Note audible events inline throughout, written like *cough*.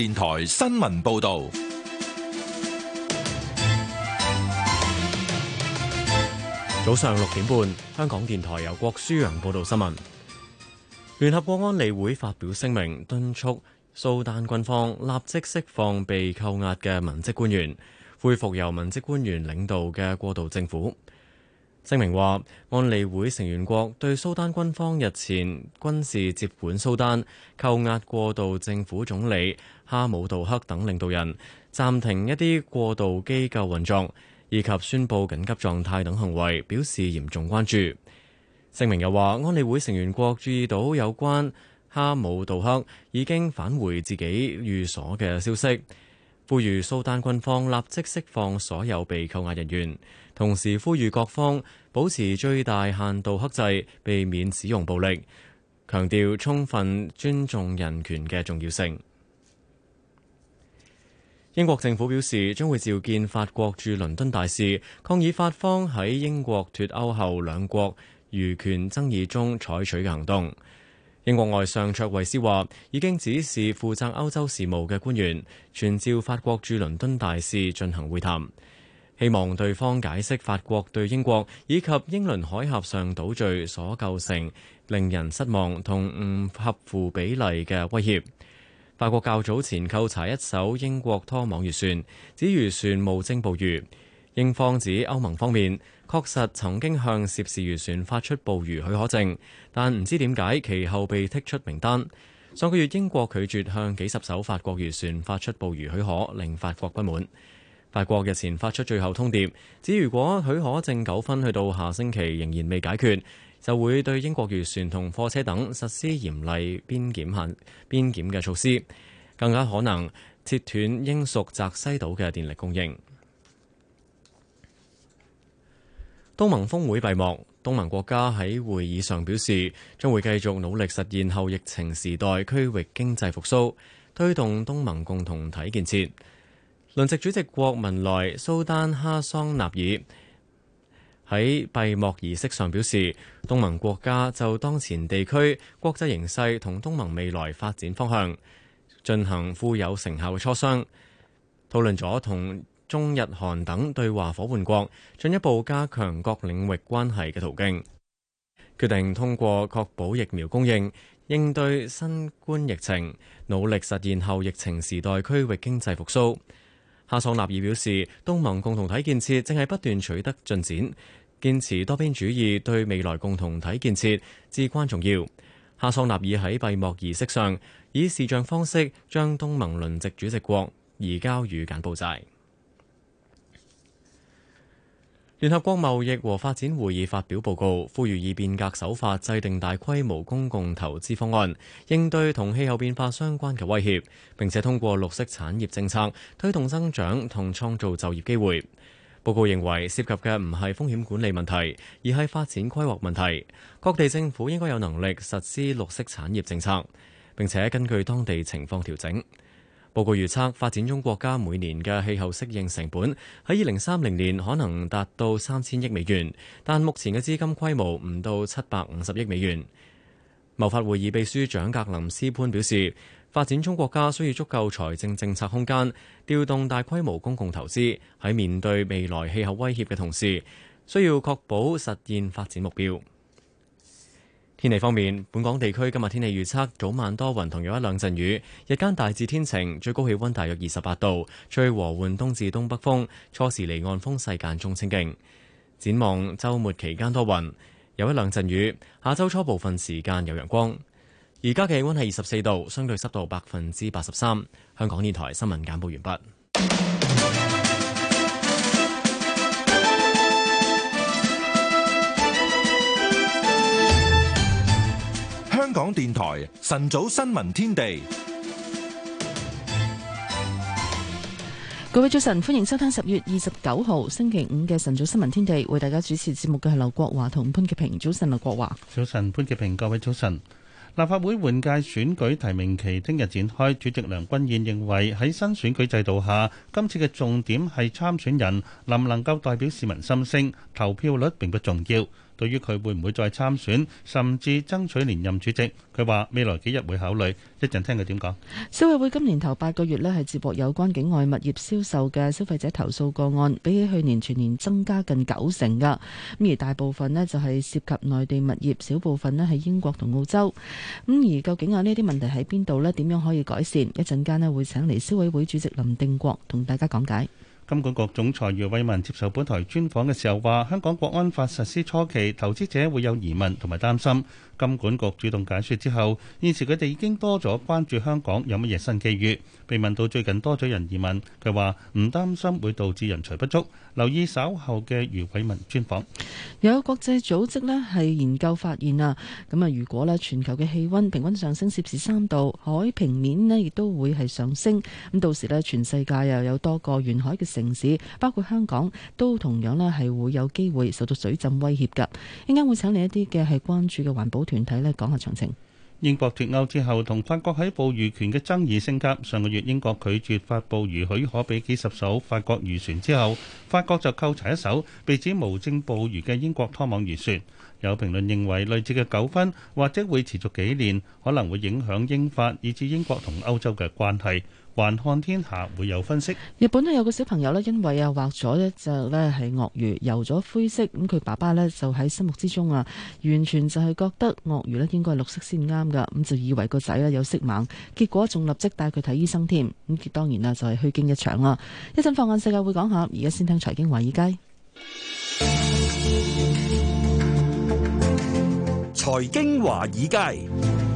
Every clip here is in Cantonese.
電台新聞報道，早上六點半，香港電台由郭舒揚報道新聞。聯合國安理會發表聲明，敦促蘇丹軍方立即釋放被扣押嘅文職官員，恢復由文職官員領導嘅過渡政府。聲明話，安理會成員國對蘇丹軍方日前軍事接管蘇丹、扣押過渡政府總理哈姆杜克等領導人、暫停一啲過渡機構運作以及宣布緊急狀態等行為表示嚴重關注。聲明又話，安理會成員國注意到有關哈姆杜克已經返回自己寓所嘅消息，呼籲蘇丹軍方立即釋放所有被扣押人員。同時呼籲各方保持最大限度克制，避免使用暴力，強調充分尊重人權嘅重要性。英國政府表示將會召見法國駐倫敦大使，抗議法方喺英國脱歐後兩國漁權爭議中採取嘅行動。英國外相卓維斯話：已經指示負責歐洲事務嘅官員，傳召法國駐倫敦大使進行會談。希望對方解釋法國對英國以及英倫海峽上島嶼所構成令人失望同唔合乎比例嘅威脅。法國較早前扣查一艘英國拖網漁船，指漁船無證捕魚。英方指歐盟方面確實曾經向涉事漁船發出捕魚許可證，但唔知點解其後被剔出名單。上個月英國拒絕向幾十艘法國漁船發出捕魚許可，令法國不滿。法國日前發出最後通牒，指如果許可證糾紛去到下星期仍然未解決，就會對英國漁船同貨車等實施嚴厲邊檢限邊檢嘅措施，更加可能切斷英屬澤西島嘅電力供應。東盟峰會閉幕，東盟國家喺會議上表示，將會繼續努力實現後疫情時代區域經濟復甦，推動東盟共同體建設。輪值主席國文萊蘇丹哈桑納爾喺閉幕儀式上表示，東盟國家就當前地區國際形勢同東盟未來發展方向進行富有成效嘅磋商，討論咗同中日韓等對話夥伴國進一步加強各領域關係嘅途徑，決定通過確保疫苗供應，應對新冠疫情，努力實現後疫情時代區域經濟復甦。哈桑納爾表示，東盟共同體建設正係不斷取得進展，堅持多邊主義對未來共同體建設至關重要。哈桑納爾喺閉幕儀式上以視像方式將東盟輪值主席國移交予柬埔寨。聯合國貿易和發展會議發表報告，呼籲以變革手法制定大規模公共投資方案，應對同氣候變化相關嘅威脅，並且通過綠色產業政策推動增長同創造就業機會。報告認為涉及嘅唔係風險管理問題，而係發展規劃問題。各地政府應該有能力實施綠色產業政策，並且根據當地情況調整。報告預測，發展中國家每年嘅氣候適應成本喺二零三零年可能達到三千億美元，但目前嘅資金規模唔到七百五十億美元。貿發會議秘書長格林斯潘表示，發展中國家需要足夠財政政策空間，調動大規模公共投資喺面對未來氣候威脅嘅同時，需要確保實現發展目標。天氣方面，本港地區今日天氣預測早晚多雲，同有一兩陣雨；日間大致天晴，最高氣溫大約二十八度，吹和緩東至東北風，初時離岸風勢間中清勁。展望周末期間多雲，有一兩陣雨；下周初部分時間有陽光。而家嘅氣溫係二十四度，相對濕度百分之八十三。香港電台新聞簡報完畢。港電台晨早新聞天地，各位早晨，歡迎收聽十月二十九號星期五嘅晨早新聞天地，為大家主持節目嘅係劉國華同潘潔平。早晨，劉國華，早晨，潘潔平，各位早晨。立法會換屆選舉提名期聽日展開，主席梁君彥認為喺新選舉制度下，今次嘅重點係參選人能唔能夠代表市民心聲，投票率並不重要。對於佢會唔會再參選，甚至爭取連任主席，佢話未來幾日會考慮。一陣聽佢點講。消委會今年頭八個月呢，係接獲有關境外物業銷售嘅消費者投訴個案，比起去年全年增加近九成㗎。咁而大部分呢，就係涉及內地物業，少部分呢，係英國同澳洲。咁而究竟啊呢啲問題喺邊度呢？點樣可以改善？一陣間呢，會請嚟消委會主席林定國同大家講解。金管局總裁余偉文接受本台專訪嘅時候話，香港國安法實施初期，投資者會有疑問同埋擔心。金管局主動解說之後，現時佢哋已經多咗關注香港有乜嘢新機遇。被問到最近多咗人移民，佢話唔擔心會導致人才不足。留意稍後嘅余偉文專訪。有國際組織咧係研究發現啊，咁啊如果咧全球嘅氣溫平均上升攝氏三度，海平面咧亦都會係上升。咁到時咧全世界又有多個沿海嘅城市包括香港都同樣呢係會有機會受到水浸威脅噶，一陣間會請嚟一啲嘅係關注嘅環保團體呢講下詳情。英國脱歐之後同法國喺捕魚權嘅爭議升級，上個月英國拒絕發捕魚許可俾幾十艘法國漁船之後，法國就扣查一艘被指無證捕魚嘅英國拖網漁船。有評論認為類似嘅糾紛或者會持續幾年，可能會影響英法以至英國同歐洲嘅關係。還看天下會有分析。日本咧有個小朋友呢因為啊畫咗一隻呢係鱷魚，油咗灰色，咁佢爸爸呢，就喺心目之中啊，完全就係覺得鱷魚咧應該係綠色先啱噶，咁就以為個仔咧有色盲，結果仲立即帶佢睇醫生添，咁當然啦就係虛驚一場啦。一陣放眼世界會講下，而家先聽財經華爾街。財經華爾街。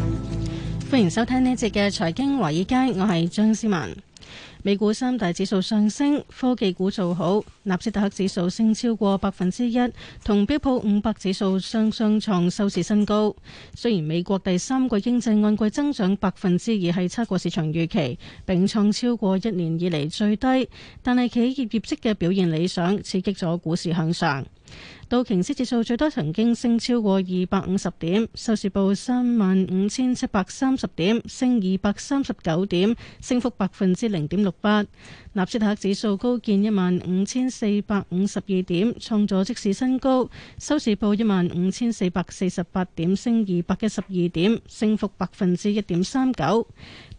歡迎收聽呢一節嘅財經華爾街，我係張思文。美股三大指數上升，科技股做好，納斯達克指數升超過百分之一，同標普五百指數雙雙創收市新高。雖然美國第三季經濟按季增長百分之二，係差過市場預期，並創超過一年以嚟最低，但係企業業績嘅表現理想，刺激咗股市向上。道瓊斯指數最多曾經升超過二百五十點，收市報三萬五千七百三十點，升二百三十九點，升幅百分之零點六八。納斯達克指數高見一萬五千四百五十二點，創咗即時新高，收市報一萬五千四百四十八點，升二百一十二點，升幅百分之一點三九。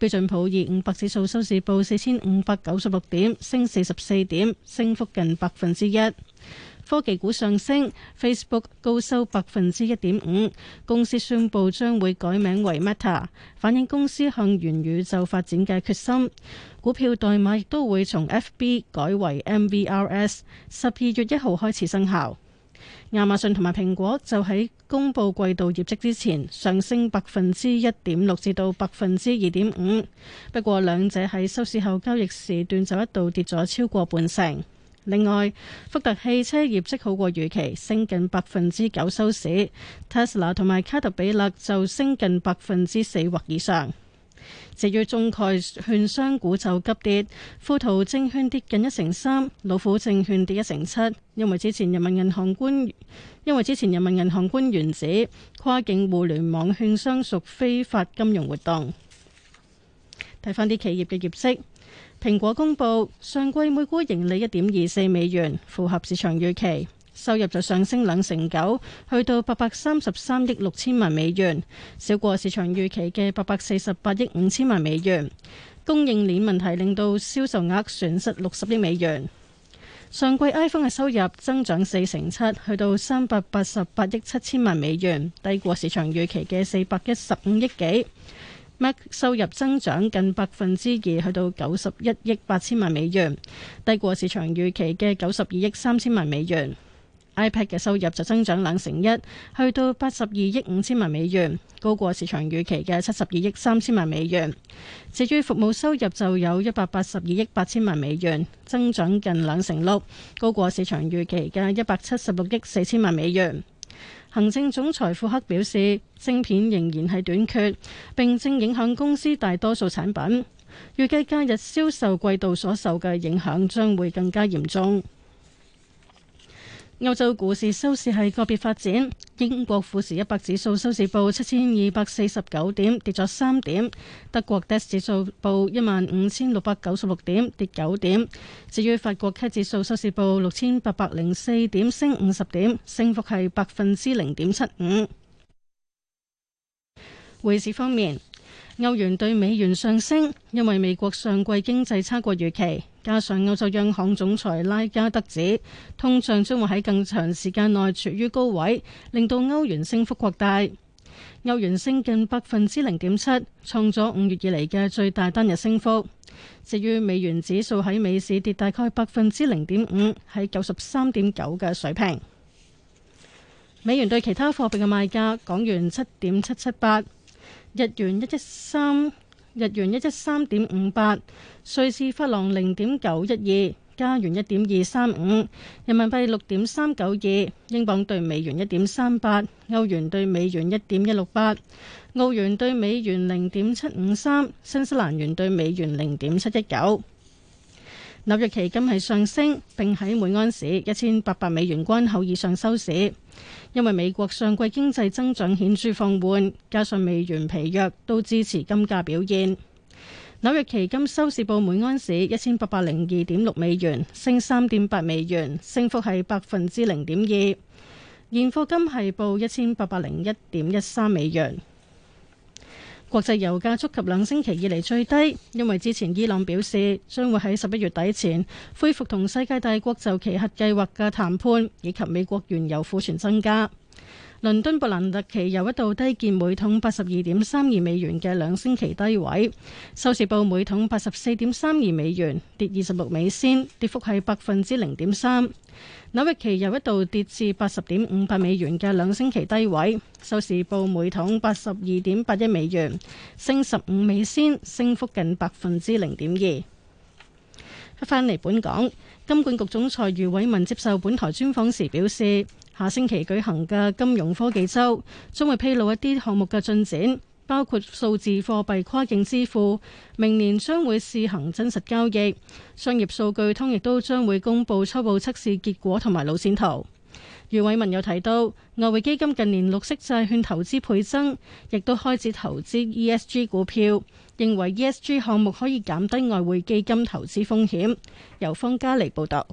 標準普爾五百指數收市報四千五百九十六點，升四十四點，升幅近百分之一。科技股上升，Facebook 高收百分之一點五，公司宣布將會改名為 Meta，反映公司向元宇宙發展嘅決心。股票代碼亦都會從 FB 改為 MVRS，十二月一號開始生效。亞馬遜同埋蘋果就喺公布季度業績之前上升百分之一點六至到百分之二點五，不過兩者喺收市後交易時段就一度跌咗超過半成。另外，福特汽車業績好過預期，升近百分之九收市。Tesla 同埋卡特彼勒就升近百分之四或以上。至於中概券商股就急跌，富途證券跌近一成三，老虎證券跌一成七。因為之前人民銀行官因為之前人民銀行官員指跨境互聯網券商屬非法金融活動。睇翻啲企業嘅業績。蘋果公布上季每股盈利一點二四美元，符合市場預期。收入就上升兩成九，去到八百三十三億六千萬美元，少過市場預期嘅八百四十八億五千萬美元。供應鏈問題令到銷售額損失六十億美元。上季 iPhone 嘅收入增長四成七，去到三百八十八億七千萬美元，低過市場預期嘅四百一十五億幾。收入增長近百分之二，去到九十一億八千萬美元，低過市場預期嘅九十二億三千萬美元。iPad 嘅收入就增長兩成一，去到八十二億五千萬美元，高過市場預期嘅七十二億三千萬美元。至於服務收入就有一百八十二億八千萬美元，增長近兩成六，高過市場預期嘅一百七十六億四千萬美元。行政總裁庫克表示，晶片仍然係短缺，並正影響公司大多數產品。預計假日銷售季度所受嘅影響將會更加嚴重。歐洲股市收市係個別發展，英國富時一百指數收市報七千二百四十九點，跌咗三點；德國 DAX 指數報一萬五千六百九十六點，跌九點。至於法國 K 指數收市報六千八百零四點，升五十點，升幅係百分之零點七五。匯市方面。歐元對美元上升，因為美國上季經濟差過預期，加上歐洲央行總裁拉加德指通脹將會喺更長時間內處於高位，令到歐元升幅擴大。歐元升近百分之零點七，創咗五月以嚟嘅最大單日升幅。至於美元指數喺美市跌大概百分之零點五，喺九十三點九嘅水平。美元對其他貨幣嘅賣價，港元七點七七八。日元113，日元113.58，瑞士法郎0.912，加元1.235，人民幣6.392，英鎊兌美元1.38，歐元兌美元1.168，澳元兌美元0.753，新西蘭元兌美元0.719。紐約期金係上升，並喺每盎司1800美元關口以上收市。因為美國上季經濟增長顯著放緩，加上美元疲弱，都支持金價表現。紐約期金收市報每安士一千八百零二點六美元，升三點八美元，升幅係百分之零點二。現貨金係報一千八百零一點一三美元。國際油價觸及兩星期以嚟最低，因為之前伊朗表示將會喺十一月底前恢復同世界大國就其核計劃嘅談判，以及美國原油庫存增加。倫敦布蘭特期油一度低見每桶八十二點三二美元嘅兩星期低位，收市報每桶八十四點三二美元，跌二十六美仙，跌幅係百分之零點三。紐約期油一度跌至八十點五八美元嘅兩星期低位，收市報每桶八十二點八一美元，升十五美仙，升幅近百分之零點二。一返嚟本港，金管局總裁余偉文接受本台專訪時表示。下星期舉行嘅金融科技周將會披露一啲項目嘅進展，包括數字貨幣跨境支付，明年將會試行真實交易。商業數據通亦都將會公布初步測試結果同埋路線圖。余偉文又提到，外匯基金近年綠色債券投資倍增，亦都開始投資 ESG 股票，認為 ESG 項目可以減低外匯基金投資風險。由方嘉嚟報導。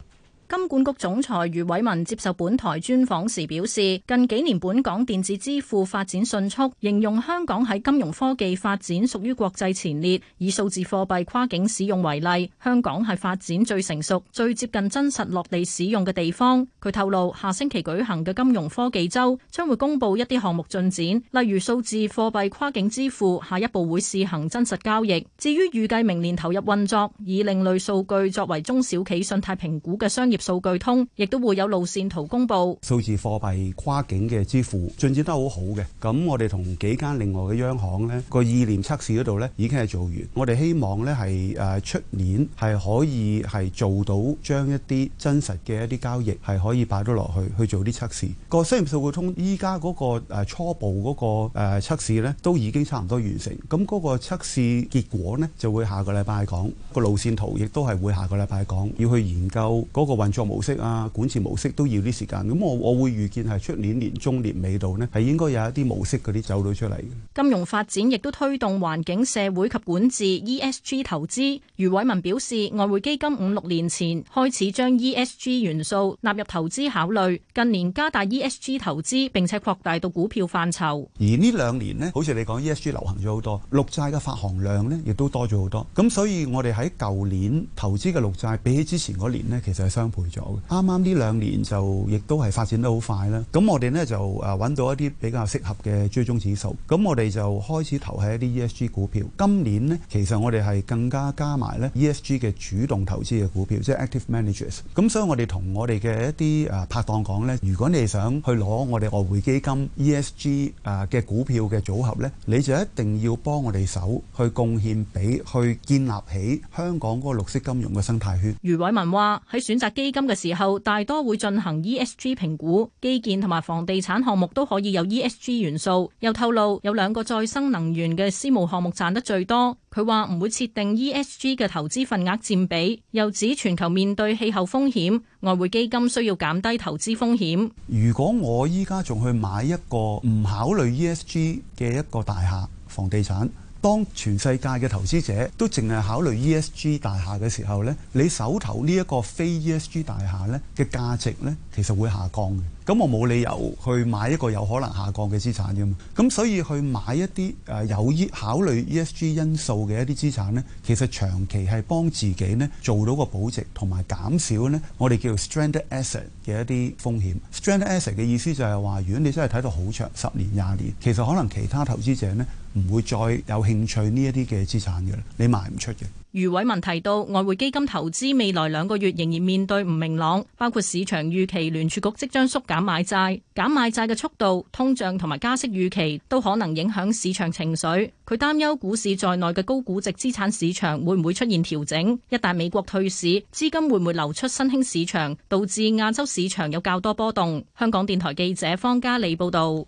金管局總裁余偉文接受本台專訪時表示，近幾年本港電子支付發展迅速，形容香港喺金融科技發展屬於國際前列。以數字貨幣跨境使用為例，香港係發展最成熟、最接近真實落地使用嘅地方。佢透露，下星期舉行嘅金融科技周將會公布一啲項目進展，例如數字貨幣跨境支付下一步會試行真實交易。至於預計明年投入運作，以另類數據作為中小企信貸評估嘅商業。數據通亦都會有路線圖公布，數字貨幣跨境嘅支付進展得好好嘅。咁我哋同幾間另外嘅央行咧個意念測試嗰度咧已經係做完，我哋希望咧係誒出年係可以係做到將一啲真實嘅一啲交易係可以擺咗落去去做啲測試。個商業數據通依家嗰個誒初步嗰個誒、呃、測試咧都已經差唔多完成，咁嗰個測試結果咧就會下個禮拜講個路線圖，亦都係會下個禮拜講要去研究嗰個運。作模式啊，管治模式都要啲時間，咁我我會預見係出年年中年尾度咧，係應該有一啲模式嗰啲走到出嚟嘅。金融發展亦都推動環境、社會及管治 （ESG） 投資。余偉文表示，外匯基金五六年前開始將 ESG 元素納入投資考慮，近年加大 ESG 投資，並且擴大到股票範疇，而呢兩年咧，好似你講 ESG 流行咗好多，綠債嘅發行量咧亦都多咗好多。咁所以我，我哋喺舊年投資嘅綠債比起之前嗰年咧，其實係相。陪咗嘅，啱啱呢兩年就亦都係發展得好快啦。咁我哋呢就誒揾到一啲比較適合嘅追蹤指數，咁我哋就開始投喺一啲 ESG 股票。今年呢，其實我哋係更加加埋呢 ESG 嘅主動投資嘅股票，即係 active managers。咁所以我哋同我哋嘅一啲誒拍檔講呢，如果你係想去攞我哋外匯基金 ESG 誒嘅股票嘅組合呢，你就一定要幫我哋手去貢獻俾去建立起香港嗰個綠色金融嘅生態圈。余偉文話：佢選擇。基金嘅時候，大多會進行 ESG 評估，基建同埋房地產項目都可以有 ESG 元素。又透露有兩個再生能源嘅私募項目賺得最多。佢話唔會設定 ESG 嘅投資份額佔比。又指全球面對氣候風險，外匯基金需要減低投資風險。如果我依家仲去買一個唔考慮 ESG 嘅一個大廈房地產。當全世界嘅投資者都淨係考慮 ESG 大廈嘅時候呢，你手頭呢一個非 ESG 大廈呢嘅價值呢，其實會下降嘅。咁我冇理由去買一個有可能下降嘅資產嘅嘛。咁所以去買一啲誒有依考慮 ESG 因素嘅一啲資產呢，其實長期係幫自己呢做到個保值，同埋減少呢我哋叫做 stranded asset 嘅一啲風險。stranded asset 嘅意思就係話，如果你真係睇到好長，十年、廿年，其實可能其他投資者呢。唔會再有興趣呢一啲嘅資產嘅，你賣唔出嘅。余偉文提到，外匯基金投資未來兩個月仍然面對唔明朗，包括市場預期聯儲局即將縮減買債、減買債嘅速度、通脹同埋加息預期都可能影響市場情緒。佢擔憂股市在內嘅高估值資產市場會唔會出現調整？一旦美國退市，資金會唔會流出新興市場，導致亞洲市場有較多波動？香港電台記者方嘉利報道。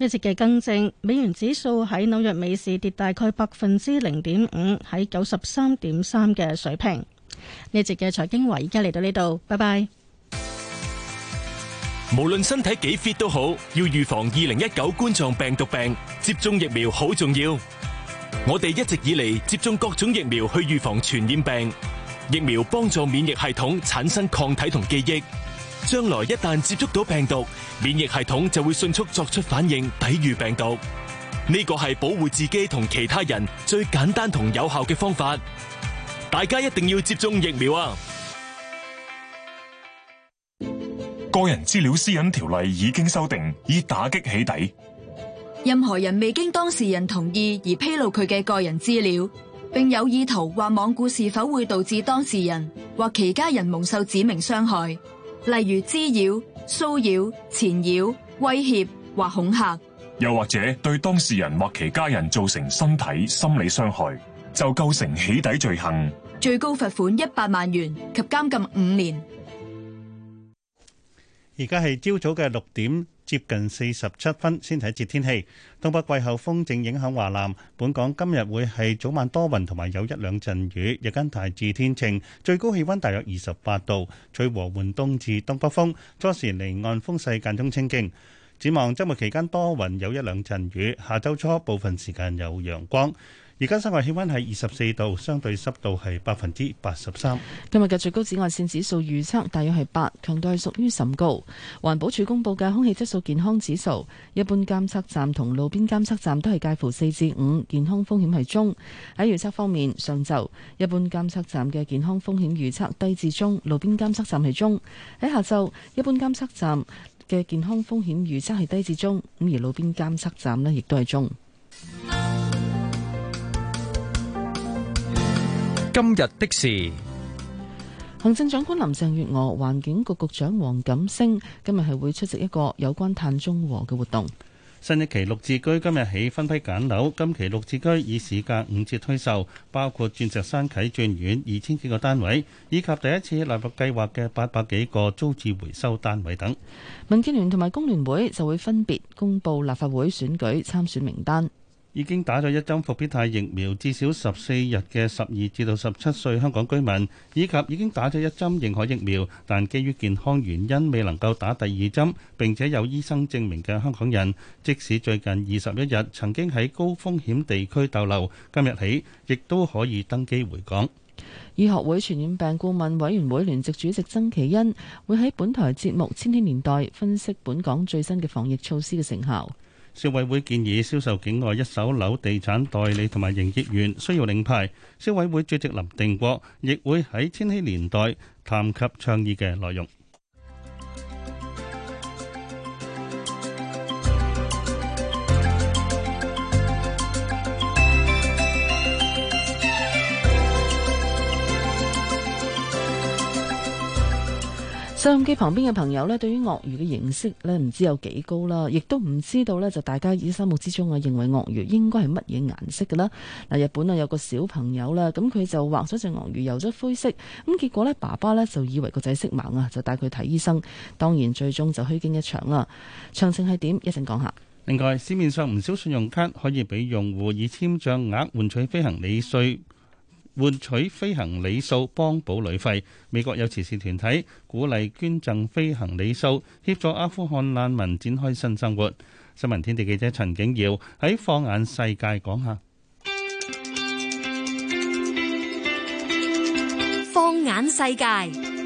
一直嘅更正，美元指數喺紐約美市跌大概百分之零點五，喺九十三點三嘅水平。呢節嘅財經話，而家嚟到呢度，拜拜。無論身體幾 fit 都好，要預防二零一九冠狀病毒病，接種疫苗好重要。我哋一直以嚟接種各種疫苗去預防傳染病，疫苗幫助免疫系統產生抗體同記憶。將來一旦接觸到病毒，免疫系統就會迅速作出反應，抵御病毒。呢個係保護自己同其他人最簡單同有效嘅方法。大家一定要接種疫苗啊！個人資料私隱條例已經修訂，以打擊起底。任何人未經當事人同意而披露佢嘅個人資料，並有意圖或罔顧是否會導致當事人或其家人蒙受指明傷害。例如滋擾、騷擾、纏擾、威脅或恐嚇，又或者對當事人或其家人造成身體、心理傷害，就構成起底罪行，最高罰款一百萬元及監禁五年。而家係朝早嘅六點。接近四十七分先睇節天氣，東北季候風正影響華南。本港今日會係早晚多雲同埋有一兩陣雨，日間大致天晴，最高氣溫大約二十八度，吹和緩東至東北風，初時離岸風勢間中清勁。展望周末期間多雲有一兩陣雨，下周初部分時間有陽光。而家室外氣温係二十四度，相對濕度係百分之八十三。今日嘅最高紫外線指數預測大約係八，強度係屬於甚高。環保署公布嘅空氣質素健康指數，一般監測站同路邊監測站都係介乎四至五，健康風險係中。喺預測方面，上晝一般監測站嘅健康風險預測低至中，路邊監測站係中。喺下晝一般監測站嘅健康風險預測係低至中，咁而路邊監測站呢亦都係中。 *music* 今日的事，行政長官林鄭月娥、環境局局長黃錦星今日係會出席一個有關碳中和嘅活動。新一期綠置居今日起分批揀樓，今期綠置居以市價五折推售，包括鑽石山啟鑽苑二千幾個單位，以及第一次立法計劃嘅八百幾個租置回收單位等。民建聯同埋工聯會就會分別公布立法會選舉參選名單。已經打咗一針復必泰疫苗至少十四日嘅十二至到十七歲香港居民，以及已經打咗一針認可疫苗，但基於健康原因未能夠打第二針並且有醫生證明嘅香港人，即使最近二十一日曾經喺高風險地區逗留，今日起亦都可以登機回港。醫學會傳染病顧問委員會聯席主席曾祈恩會喺本台節目《千禧年代》分析本港最新嘅防疫措施嘅成效。消委會建議銷售境外一手樓地產代理同埋營業員需要領牌。消委會主席林定國亦會喺千禧年代談及倡議嘅內容。收音機旁邊嘅朋友咧，對於鱷魚嘅認識咧，唔知有幾高啦，亦都唔知道咧，就大家以心目之中啊認為鱷魚應該係乜嘢顏色嘅啦。嗱，日本啊有個小朋友啦，咁佢就畫咗隻鱷魚，由咗灰色，咁結果咧，爸爸咧就以為個仔色盲啊，就帶佢睇醫生，當然最終就虛驚一場啦。詳情係點，一陣講下。另外，市面上唔少信用卡可以俾用戶以簽賬額換取飛行里數。換取飛行里數幫補旅費，美國有慈善團體鼓勵捐贈飛行里數，協助阿富汗難民展開新生活。新聞天地記者陳景耀喺放眼世界講下。放眼世界。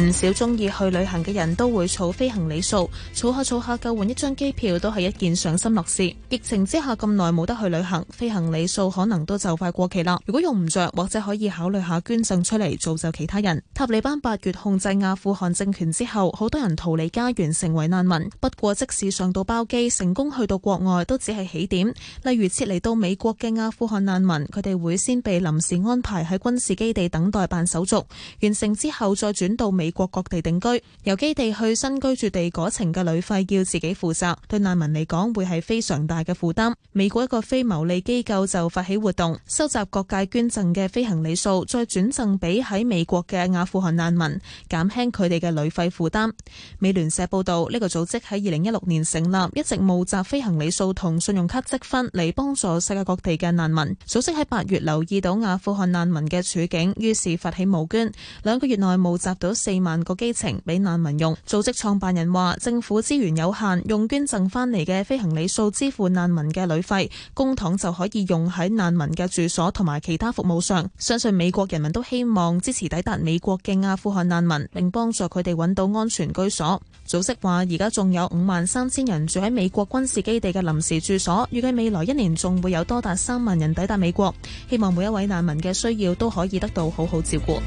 唔少鍾意去旅行嘅人都會儲飛行里程數，儲下儲下夠換一張機票都係一件賞心樂事。疫情之下咁耐冇得去旅行，飛行里程數可能都就快過期啦。如果用唔着，或者可以考慮下捐贈出嚟造就其他人。塔利班八月控制阿富汗政權之後，好多人逃離家園成為難民。不過即使上到包機成功去到國外，都只係起點。例如撤離到美國嘅阿富汗難民，佢哋會先被臨時安排喺軍事基地等待辦手續，完成之後再轉到美國。國各地定居，由基地去新居住地嗰程嘅旅費要自己負責，對難民嚟講會係非常大嘅負擔。美國一個非牟利機構就發起活動，收集各界捐贈嘅飛行里數再轉贈俾喺美國嘅阿富汗難民，減輕佢哋嘅旅費負擔。美聯社報道呢個組織喺二零一六年成立，一直募集飛行里數同信用卡積分嚟幫助世界各地嘅難民。組織喺八月留意到阿富汗難民嘅處境，於是發起募捐，兩個月內募集到四。四萬個基程俾難民用，組織創辦人話：政府資源有限，用捐贈翻嚟嘅飛行里數支付難民嘅旅費，公帑就可以用喺難民嘅住所同埋其他服務上。相信美國人民都希望支持抵達美國嘅阿富汗難民，並幫助佢哋揾到安全居所。組織話：而家仲有五萬三千人住喺美國軍事基地嘅臨時住所，預計未來一年仲會有多達三萬人抵達美國。希望每一位難民嘅需要都可以得到好好照顧。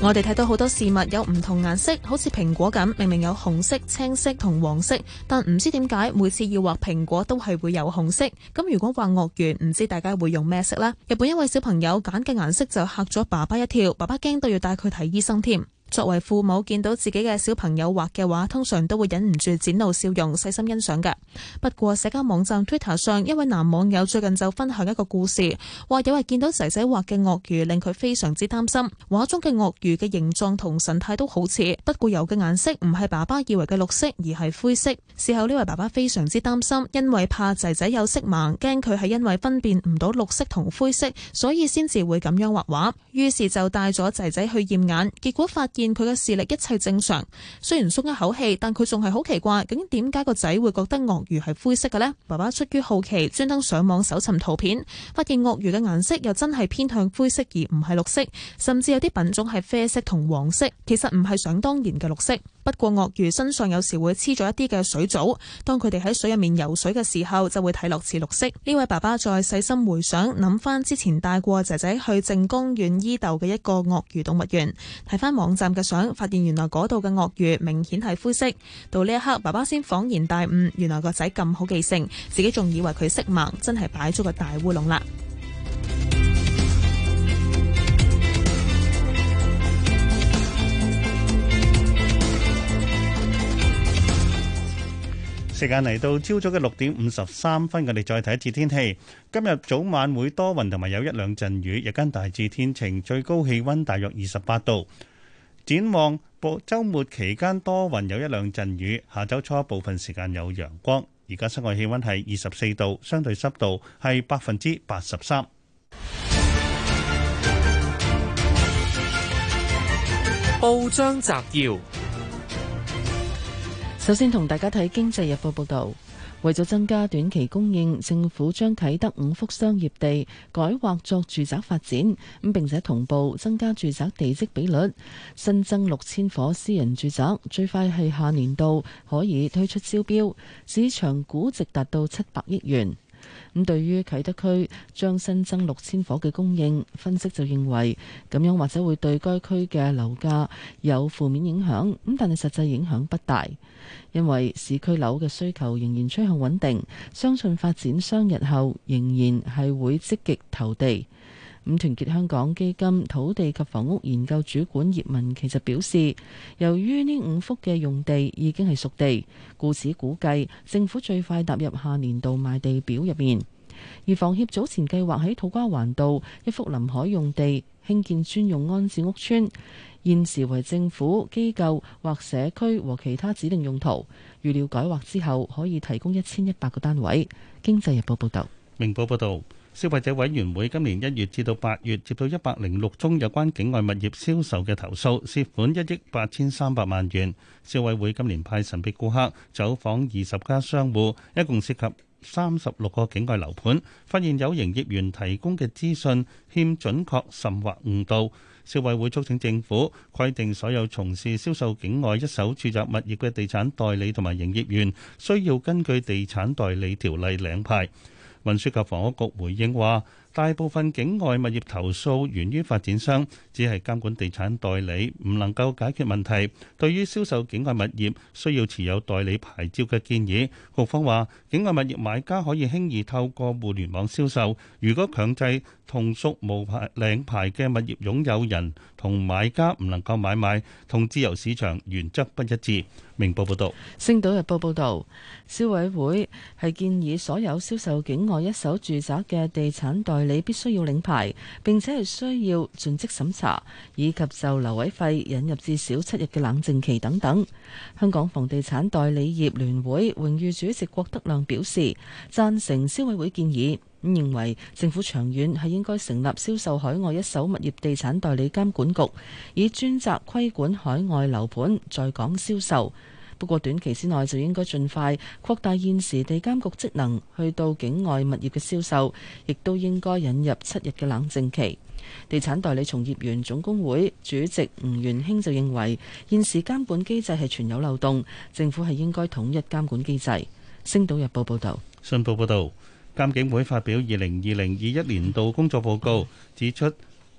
我哋睇到好多事物有唔同顏色，好似蘋果咁，明明有紅色、青色同黃色，但唔知點解每次要畫蘋果都係會有紅色。咁如果畫鱷魚，唔知大家會用咩色啦？日本一位小朋友揀嘅顏色就嚇咗爸爸一跳，爸爸驚都要帶佢睇醫生添。作為父母見到自己嘅小朋友畫嘅畫，通常都會忍唔住展露笑容，細心欣賞㗎。不過社交網站 Twitter 上一位男網友最近就分享一個故事，話有日見到仔仔畫嘅鱷魚令佢非常之擔心，畫中嘅鱷魚嘅形狀同神態都好似，不過有嘅顏色唔係爸爸以為嘅綠色，而係灰色。事後呢位爸爸非常之擔心，因為怕仔仔有色盲，驚佢係因為分辨唔到綠色同灰色，所以先至會咁樣畫畫。於是就帶咗仔仔去驗眼，結果發。見佢嘅視力一切正常，雖然鬆一口氣，但佢仲係好奇怪，究竟點解個仔會覺得鱷魚係灰色嘅呢？爸爸出於好奇，專登上網搜尋圖片，發現鱷魚嘅顏色又真係偏向灰色而唔係綠色，甚至有啲品種係啡色同黃色，其實唔係想當然嘅綠色。不過鱷魚身上有時會黐咗一啲嘅水藻，當佢哋喺水入面游水嘅時候，就會睇落似綠色。呢位爸爸再細心回想，諗翻之前帶過仔仔去靜岡縣伊豆嘅一個鱷魚動物園，睇翻網站嘅相，發現原來嗰度嘅鱷魚明顯係灰色。到呢一刻，爸爸先恍然大悟，原來個仔咁好記性，自己仲以為佢色盲，真係擺咗個大烏龍啦。時間嚟到朝早嘅六點五十三分，我哋再睇一次天氣。今日早晚會多雲，同埋有一兩陣雨，日間大致天晴，最高氣温大約二十八度。展望部周末期間多雲，有一兩陣雨。下周初部分時間有陽光。而家室外氣温係二十四度，相對濕度係百分之八十三。報章摘要。首先同大家睇經濟日報報道，為咗增加短期供應，政府將啟德五幅商業地改劃作住宅發展，咁並且同步增加住宅地積比率，新增六千伙私人住宅，最快係下年度可以推出招標，市場估值達到七百億元。咁對於啟德區將新增六千伙嘅供應，分析就認為咁樣或者會對該區嘅樓價有負面影響。咁但係實際影響不大，因為市區樓嘅需求仍然趨向穩定，相信發展商日後仍然係會積極投地。五團結香港基金土地及房屋研究主管葉文琪就表示，由於呢五幅嘅用地已經係熟地，故此估計政府最快踏入下年度賣地表入面。而房協早前計劃喺土瓜灣道一幅臨海用地興建專用安置屋邨，現時為政府機構或社區和其他指定用途，預料改劃之後可以提供一千一百個單位。經濟日報報道。明報報導。消費者委員會今年一月至到八月接到一百零六宗有關境外物業銷售嘅投訴，涉款一億八千三百萬元。消委會今年派神秘顧客走訪二十家商戶，一共涉及三十六個境外樓盤，發現有營業員提供嘅資訊欠準確、甚或誤導。消委會促請政府規定所有從事銷售境外一手住宅物業嘅地產代理同埋營業員，需要根據地產代理條例領牌。運輸及房屋局回應話，大部分境外物業投訴源於發展商，只係監管地產代理，唔能夠解決問題。對於銷售境外物業需要持有代理牌照，嘅建議，局方話境外物業買家可以輕易透過互聯網銷售。如果強制同屬無牌領牌嘅物業擁有人同買家唔能夠買賣，同自由市場原則不一致。明報報道，星島日報報道，消委會係建議所有銷售境外一手住宅嘅地產代理。你必須要領牌，並且係需要盡職審查，以及就留位費引入至少七日嘅冷靜期等等。香港房地產代理業聯會榮譽主席郭德亮表示贊成消委會建議，咁認為政府長遠係應該成立銷售海外一手物業地產代理監管局，以專責規管海外樓盤在港銷售。不過短期之內就應該盡快擴大現時地監局職能，去到境外物業嘅銷售，亦都應該引入七日嘅冷靜期。地產代理從業員總工會主席吳元興就認為，現時監管機制係存有漏洞，政府係應該統一監管機制。星島日報報導，信報報導，監警會發表二零二一年度工作報告，指出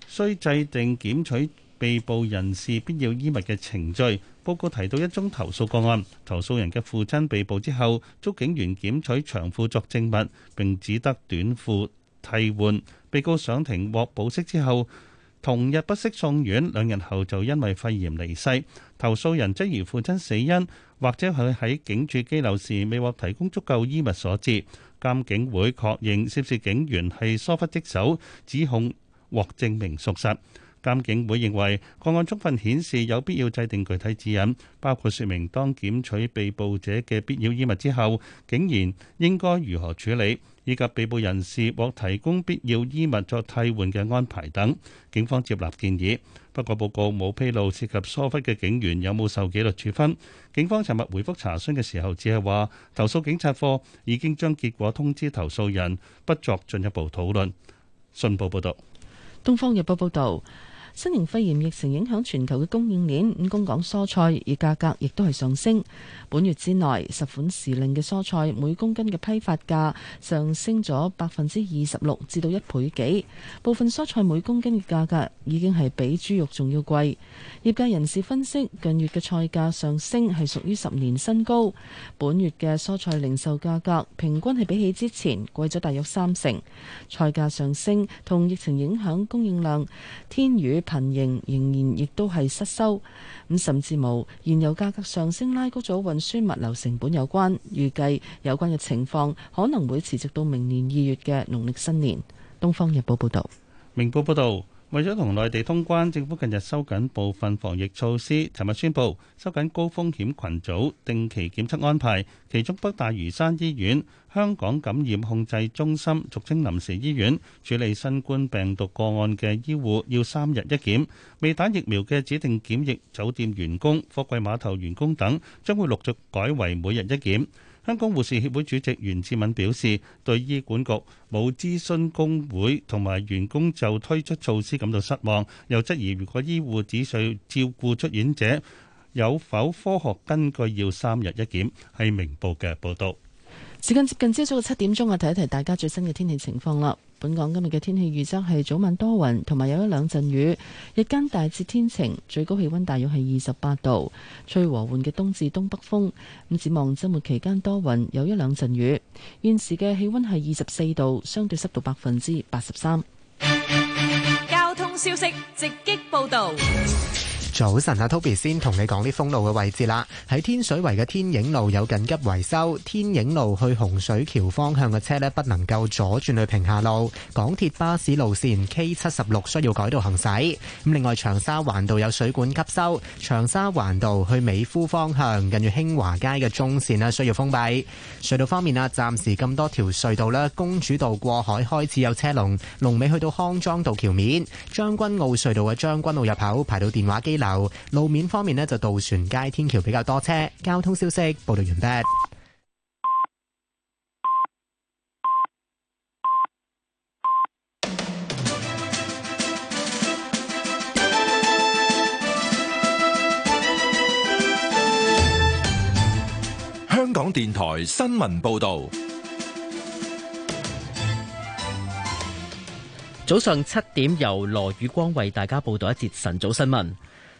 需制定檢取被捕人士必要衣物嘅程序。報告提到一宗投訴個案，投訴人嘅父親被捕之後，捉警員檢取長褲作證物，並只得短褲替換。被告上庭獲保釋之後，同日不適送院，兩日後就因為肺炎離世。投訴人質疑父親死因，或者佢喺警署拘留時未獲提供足夠衣物所致。監警會確認涉事警員係疏忽職守，指控獲證明屬實。監警會認為個案充分顯示有必要制定具體指引，包括説明當檢取被捕者嘅必要衣物之後，警員應該如何處理，以及被捕人士獲提供必要衣物作替換嘅安排等。警方接納建議，不過報告冇披露涉及及疏忽嘅警員有冇受紀律處分。警方尋日回覆查詢嘅時候只，只係話投訴警察課已經將結果通知投訴人，不作進一步討論。信報報道，《東方日報》報道。新型肺炎疫情影響全球嘅供應鏈，五公港蔬菜而價格亦都係上升。本月之內，十款時令嘅蔬菜每公斤嘅批發價上升咗百分之二十六至到一倍幾。部分蔬菜每公斤嘅價格已經係比豬肉仲要貴。業界人士分析，近月嘅菜價上升係屬於十年新高。本月嘅蔬菜零售價格平均係比起之前貴咗大約三成。菜價上升同疫情影響供應量，天宇。貧型仍然亦都係失收，咁甚至無原油價格上升拉高咗運輸物流成本有關，預計有關嘅情況可能會持續到明年二月嘅農曆新年。東方日報報道，明報報道。為咗同內地通關，政府近日收緊部分防疫措施。尋日宣布收緊高風險群組定期檢測安排，其中北大嶼山醫院、香港感染控制中心（俗稱臨時醫院）處理新冠病毒個案嘅醫護要三日一檢，未打疫苗嘅指定檢疫酒店員工、貨櫃碼頭員工等將會陸續改為每日一檢。香港護士協會主席袁志敏表示，對醫管局冇諮詢工會同埋員工就推出措施感到失望，又質疑如果醫護只需要照顧出院者，有否科學根據要三日一檢？係明報嘅報道。時間接近朝早嘅七點鐘，我提一提大家最新嘅天氣情況啦。本港今日嘅天氣預測係早晚多雲，同埋有一兩陣雨，日間大致天晴，最高氣溫大約係二十八度，吹和緩嘅東至東北風。咁展望周末期間多雲，有一兩陣雨。現時嘅氣溫係二十四度，相對濕度百分之八十三。交通消息直擊報道。早晨啊，Toby 先同你講啲封路嘅位置啦。喺天水圍嘅天影路有緊急維修，天影路去洪水橋方向嘅車咧不能夠左轉去平下路。港鐵巴士路綫 K 七十六需要改道行駛。咁另外長沙環道有水管急修，長沙環道去美孚方向，近住興華街嘅中綫咧需要封閉。隧道方面啊，暫時咁多條隧道咧，公主道過海開始有車龍，龍尾去到康莊道橋面，將軍澳隧道嘅將軍澳入口排到電話機樓。路面方面咧，就渡船街天橋比較多車。交通消息報道完畢。香港電台新聞報道，早上七點由羅宇光為大家報道一節晨早新聞。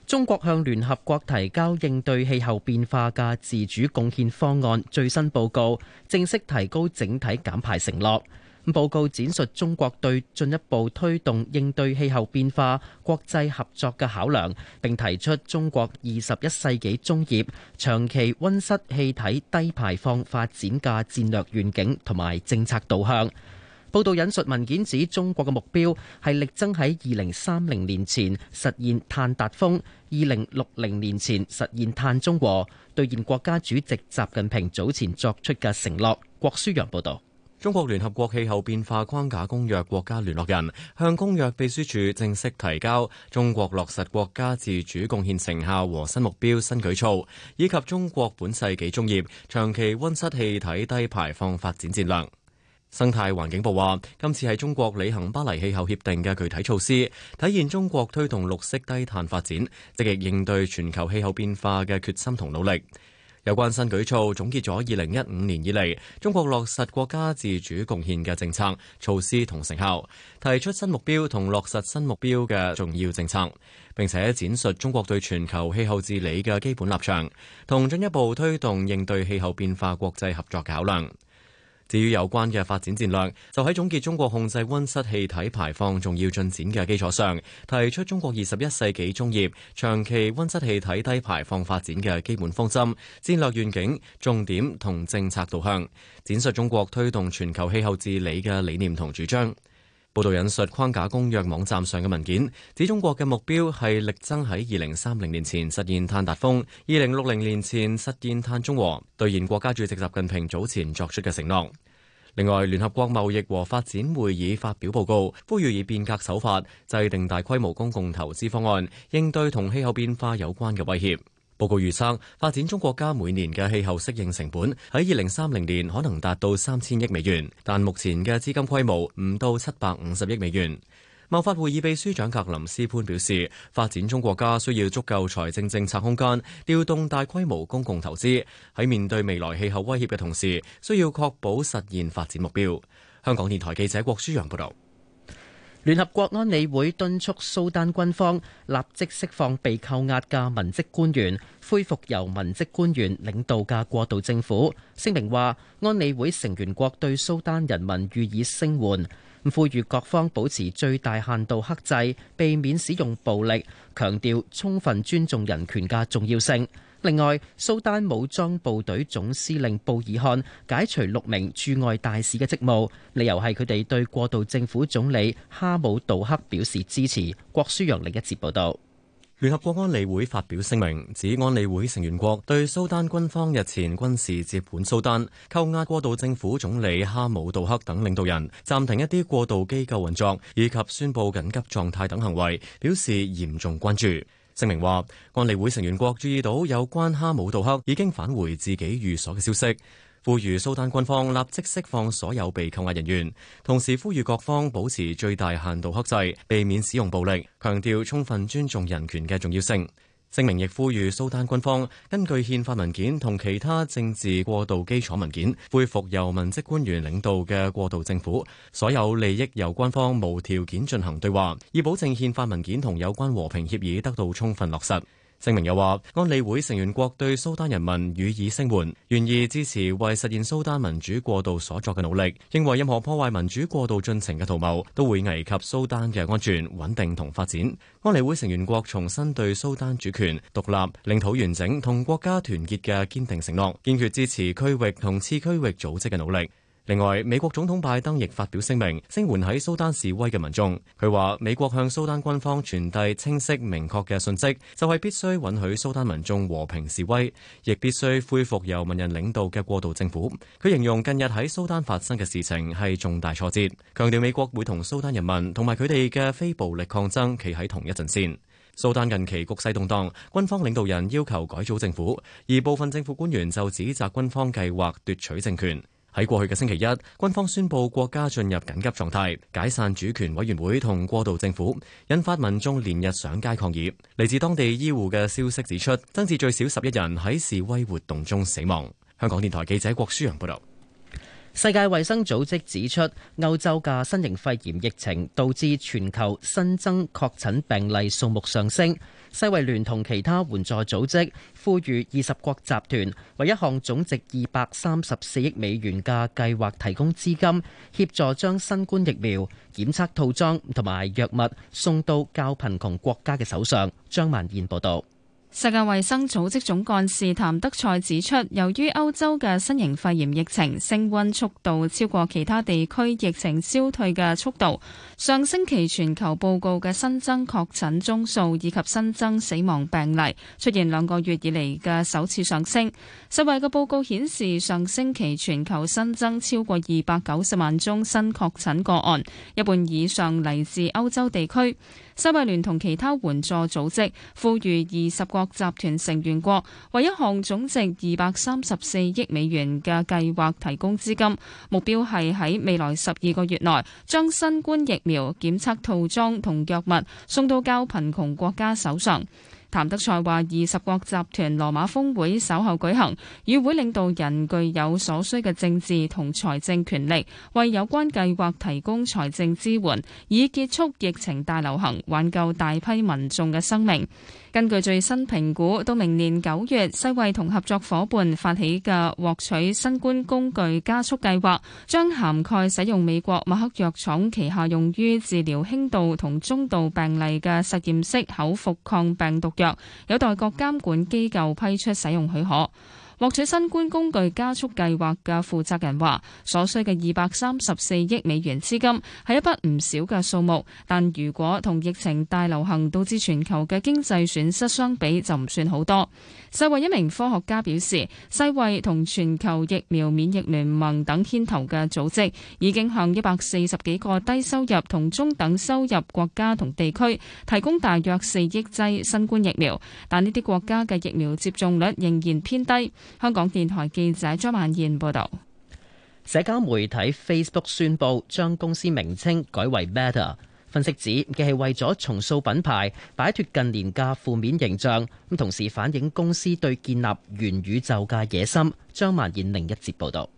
中國向聯合國提交應對氣候變化嘅自主貢獻方案最新報告，正式提高整體減排承諾。咁報告展述中國對進一步推動應對氣候變化國際合作嘅考量，並提出中國二十一世紀中葉長期温室氣體低排放發展嘅戰略願景同埋政策導向。報道引述文件指，中國嘅目標係力爭喺二零三零年前實現碳達峰，二零六零年前實現碳中和，兌現國家主席習近平早前作出嘅承諾。郭舒揚報導，中國聯合國氣候變化框架公約國家聯絡人向公約秘書處正式提交中國落實國家自主貢獻成效和新目標新舉措，以及中國本世紀中葉長期温室氣體低排放發展戰略。生態環境部話：今次係中國履行巴黎氣候協定嘅具體措施，體現中國推動綠色低碳發展、積極應對全球氣候變化嘅決心同努力。有關新舉措總結咗二零一五年以嚟中國落實國家自主貢獻嘅政策、措施同成效，提出新目標同落實新目標嘅重要政策，並且展述中國對全球氣候治理嘅基本立場，同進一步推動應對氣候變化國際合作嘅考量。至於有關嘅發展戰略，就喺總結中國控制温室氣體排放重要進展嘅基礎上，提出中國二十一世紀中葉長期温室氣體低排放發展嘅基本方針、戰略願景、重點同政策導向，展述中國推動全球氣候治理嘅理念同主張。報道引述框架公約網站上嘅文件，指中國嘅目標係力爭喺二零三零年前實現碳達峰，二零六零年前實現碳中和，兌現國家主席習近平早前作出嘅承諾。另外，聯合國貿易和發展會議發表報告，呼籲以變革手法制定大規模公共投資方案，應對同氣候變化有關嘅威脅。報告預測，發展中國家每年嘅氣候適應成本喺二零三零年可能達到三千億美元，但目前嘅資金規模唔到七百五十億美元。貿發會議秘書長格林斯潘表示，發展中國家需要足夠財政政策空間，調動大規模公共投資，喺面對未來氣候威脅嘅同時，需要確保實現發展目標。香港電台記者郭舒揚報道。聯合國安理會敦促蘇丹軍方立即釋放被扣押嘅文職官員，恢復由文職官員領導嘅過渡政府。聲明話，安理會成員國對蘇丹人民予以聲援，呼籲各方保持最大限度克制，避免使用暴力，強調充分尊重人權嘅重要性。另外，蘇丹武裝部隊總司令布爾漢解除六名駐外大使嘅職務，理由係佢哋對過渡政府總理哈姆杜克表示支持。郭舒陽另一節報導，聯合國安理會發表聲明，指安理會成員國對蘇丹軍方日前軍事接管蘇丹、扣押過渡政府總理哈姆杜克等領導人、暫停一啲過渡機構運作以及宣佈緊急狀態等行為表示嚴重關注。聲明話，安理會成員國注意到有關哈姆杜克已經返回自己寓所嘅消息，呼籲蘇丹軍方立即釋放所有被扣押人員，同時呼籲各方保持最大限度克制，避免使用暴力，強調充分尊重人權嘅重要性。聲明亦呼籲蘇丹軍方根據憲法文件同其他政治過渡基礎文件，恢復由文職官員領導嘅過渡政府，所有利益由軍方無條件進行對話，以保證憲法文件同有關和平協議得到充分落實。聲明又話，安理會成員國對蘇丹人民予以聲援，願意支持為實現蘇丹民主過渡所作嘅努力，認為任何破壞民主過渡進程嘅圖謀都會危及蘇丹嘅安全、穩定同發展。安理會成員國重申對蘇丹主權、獨立、領土完整同國家團結嘅堅定承諾，堅決支持區域同次區域組織嘅努力。另外，美國總統拜登亦發表聲明，聲援喺蘇丹示威嘅民眾。佢話：美國向蘇丹軍方傳遞清晰明確嘅訊息，就係必須允許蘇丹民眾和平示威，亦必須恢復由文人領導嘅過渡政府。佢形容近日喺蘇丹發生嘅事情係重大挫折，強調美國會同蘇丹人民同埋佢哋嘅非暴力抗爭企喺同一陣線。蘇丹近期局勢動盪，軍方領導人要求改組政府，而部分政府官員就指責軍方計劃奪取政權。喺過去嘅星期一，軍方宣布國家進入緊急狀態，解散主權委員會同過渡政府，引發民眾連日上街抗議。嚟自當地醫護嘅消息指出，增至最少十一人喺示威活動中死亡。香港電台記者郭舒陽報道。世界衛生組織指出，歐洲嘅新型肺炎疫情導致全球新增確診病例數目上升。世衛聯同其他援助組織呼籲二十國集團為一項總值二百三十四億美元嘅計劃提供資金，協助將新冠疫苗檢測套裝同埋藥物送到較貧窮國家嘅手上。張曼燕報道。世界衛生組織總幹事譚德塞指出，由於歐洲嘅新型肺炎疫情升温速度超過其他地區疫情消退嘅速度，上星期全球報告嘅新增確診宗數以及新增死亡病例出現兩個月以嚟嘅首次上升。世衛嘅報告顯示，上星期全球新增超過二百九十萬宗新確診個案，一半以上嚟自歐洲地區。世衛聯同其他援助組織，呼籲二十國集團成員國，為一項總值二百三十四億美元嘅計劃提供資金，目標係喺未來十二個月內，將新冠疫苗檢測套裝同藥物送到較貧窮國家手上。譚德塞話：二十國集團羅馬峰會稍後舉行，與會領導人具有所需嘅政治同財政權力，為有關計劃提供財政支援，以結束疫情大流行，挽救大批民眾嘅生命。根據最新評估，到明年九月，世衛同合作伙伴發起嘅獲取新冠工具加速計劃，將涵蓋使用美國默克藥廠旗下用於治療輕度同中度病例嘅實驗式口服抗病毒藥，有待各監管機構批出使用許可。獲取新冠工具加速計劃嘅負責人話，所需嘅二百三十四億美元資金係一筆唔少嘅數目，但如果同疫情大流行導致全球嘅經濟損失相比，就唔算好多。世衛一名科學家表示，世衛同全球疫苗免疫聯盟等牽頭嘅組織，已經向一百四十幾個低收入同中等收入國家同地區提供大約四億劑新冠疫苗，但呢啲國家嘅疫苗接種率仍然偏低。香港電台記者張曼燕報道。社交媒體 Facebook 宣布將公司名稱改為 Meta 分析指既係為咗重塑品牌，擺脫近年嘅負面形象，咁同時反映公司對建立元宇宙嘅野心。張萬燕另一節報導。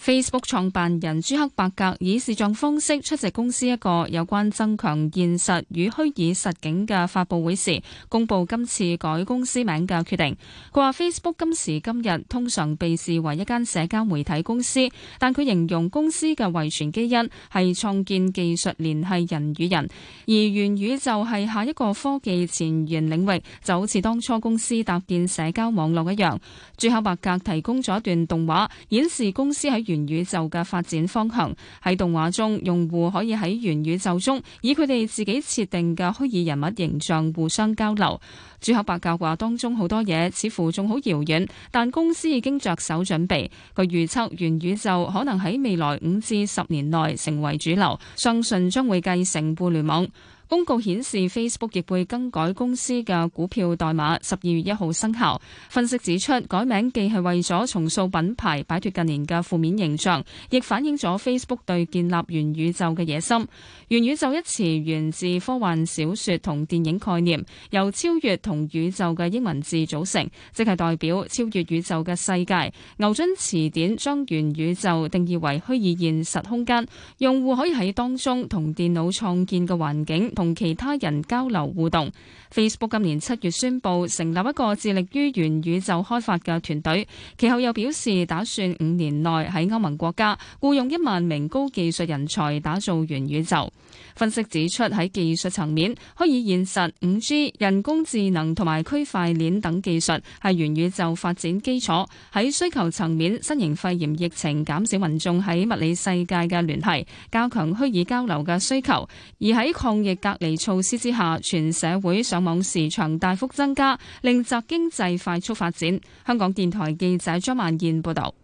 Facebook 創辦人朱克伯格以視像方式出席公司一個有關增強現實與虛擬實境嘅發佈會時，公布今次改公司名嘅決定。佢話：Facebook 今時今日通常被視為一間社交媒體公司，但佢形容公司嘅遺傳基因係創建技術聯繫人與人，而元宇宙係下一個科技前沿領域，就好似當初公司搭建社交網絡一樣。朱克伯格提供咗一段動畫，顯示公司喺元宇宙嘅發展方向。喺動畫中，用戶可以喺元宇宙中以佢哋自己設定嘅虛擬人物形象互相交流。朱克伯格話當中好多嘢似乎仲好遙遠，但公司已經着手準備。佢預測元宇宙可能喺未來五至十年內成為主流，相信將會繼承互聯網。公告顯示，Facebook 亦會更改公司嘅股票代碼，十二月一號生效。分析指出，改名既係為咗重塑品牌、擺脱近年嘅負面形象，亦反映咗 Facebook 對建立元宇宙嘅野心。元宇宙一詞源自科幻小説同電影概念，由超越同宇宙嘅英文字組成，即係代表超越宇宙嘅世界。牛津詞典將元宇宙定義為虛擬現實空間，用戶可以喺當中同電腦創建嘅環境。同其他人交流互動。Facebook 今年七月宣布成立一個致力於元宇宙開發嘅團隊，其後又表示打算五年內喺歐盟國家雇傭一萬名高技術人才打造元宇宙。分析指出喺技術層面，虛擬現實、5G、人工智能同埋區塊鏈等技術係元宇宙發展基礎；喺需求層面，新型肺炎疫情減少民眾喺物理世界嘅聯繫，加強虛擬交流嘅需求；而喺抗疫隔離措施之下，全社會有網市場大幅增加，令宅經濟快速發展。香港電台記者張萬燕報道。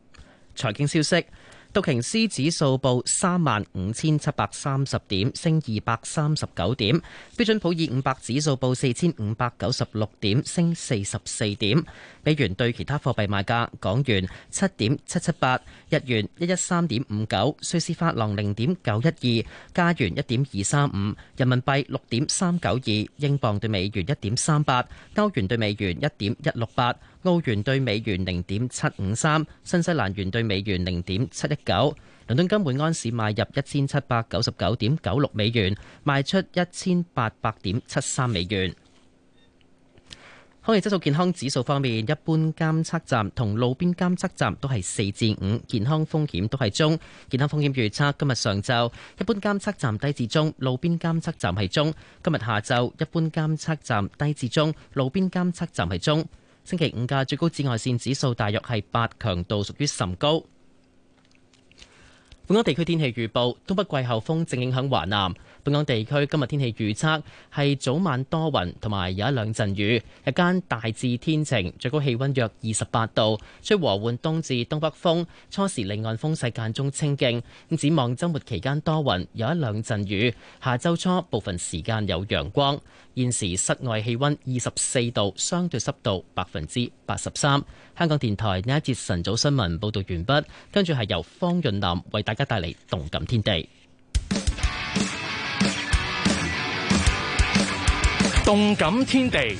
財經消息。道瓊斯指數報三萬五千七百三十點，升二百三十九點。標準普爾五百指數報四千五百九十六點，升四十四點。美元對其他貨幣賣價：港元七點七七八，日元一一三點五九，瑞士法郎零點九一二，加元一點二三五，人民幣六點三九二，英鎊對美元一點三八，歐元對美元一點一六八。澳元兌美元零點七五三，新西蘭元兌美元零點七一九。倫敦金每安士賣入一千七百九十九點九六美元，賣出一千八百點七三美元。空氣質素健康指數方面，一般監測站同路邊監測站都係四至五，健康風險都係中。健康風險預測今日上晝一般監測站低至中，路邊監測站係中；今日下晝一般監測站低至中，路邊監測站係中。星期五嘅最高紫外線指數大約係八，強度屬於甚高。本港地區天氣預報：東北季候風正影響華南。本港地區今日天氣預測係早晚多雲，同埋有一兩陣雨。日間大致天晴，最高氣温約二十八度。吹和緩東至東北風，初時離岸風勢間中清勁。咁展望周末期間多雲，有一兩陣雨。下周初部分時間有陽光。現時室外氣温二十四度，相對濕度百分之八十三。香港電台呢一節晨早新聞報道完畢，跟住係由方潤南為大家帶嚟動感天地。動感天地，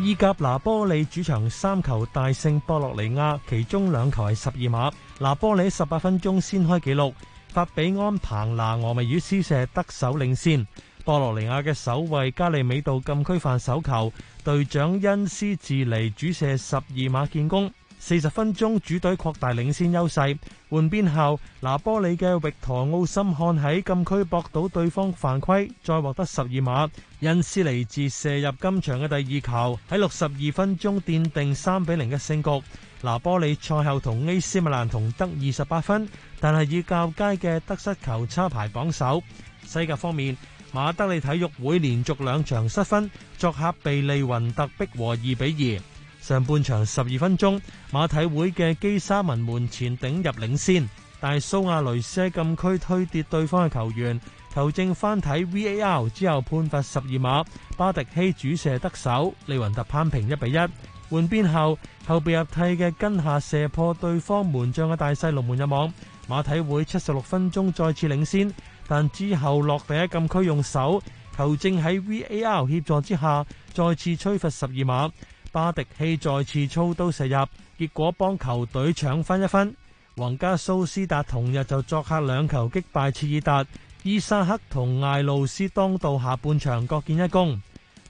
意甲拿波里主場三球大勝波洛尼亞，其中兩球係十二碼。拿波里十八分鐘先開紀錄，法比安彭拿俄米爾斯射得手領先。波洛尼亞嘅守衛加利美道禁區犯手球，隊長恩斯治尼主射十二碼建功。四十分鐘，主隊擴大領先優勢。換邊後，拿波里嘅域陀奧森汗喺禁區搏到對方犯規，再獲得十二碼。因斯尼治射入今場嘅第二球，喺六十二分鐘奠定三比零嘅勝局。拿波里賽後同 AC 米蘭同得二十八分，但係以較佳嘅得失球差排榜首。西甲方面，馬德里體育會連續兩場失分，作客被利雲特逼和二比二。上半場十二分鐘，馬體會嘅基沙文門前頂入領先，但係蘇亞雷斯喺禁區推跌對方嘅球員，球證翻睇 V A R 之後判罰十二碼，巴迪希主射得手，利雲特攀平一比一。換邊後，後備入替嘅根下射破對方門將嘅大細龍門入網，馬體會七十六分鐘再次領先，但之後落地喺禁區用手，球證喺 V A R 協助之下再次吹罰十二碼。巴迪希再次操刀射入，結果幫球隊搶翻一分。皇家蘇斯達同日就作客兩球擊敗切爾達，伊薩克同艾路斯當道下半場各建一功。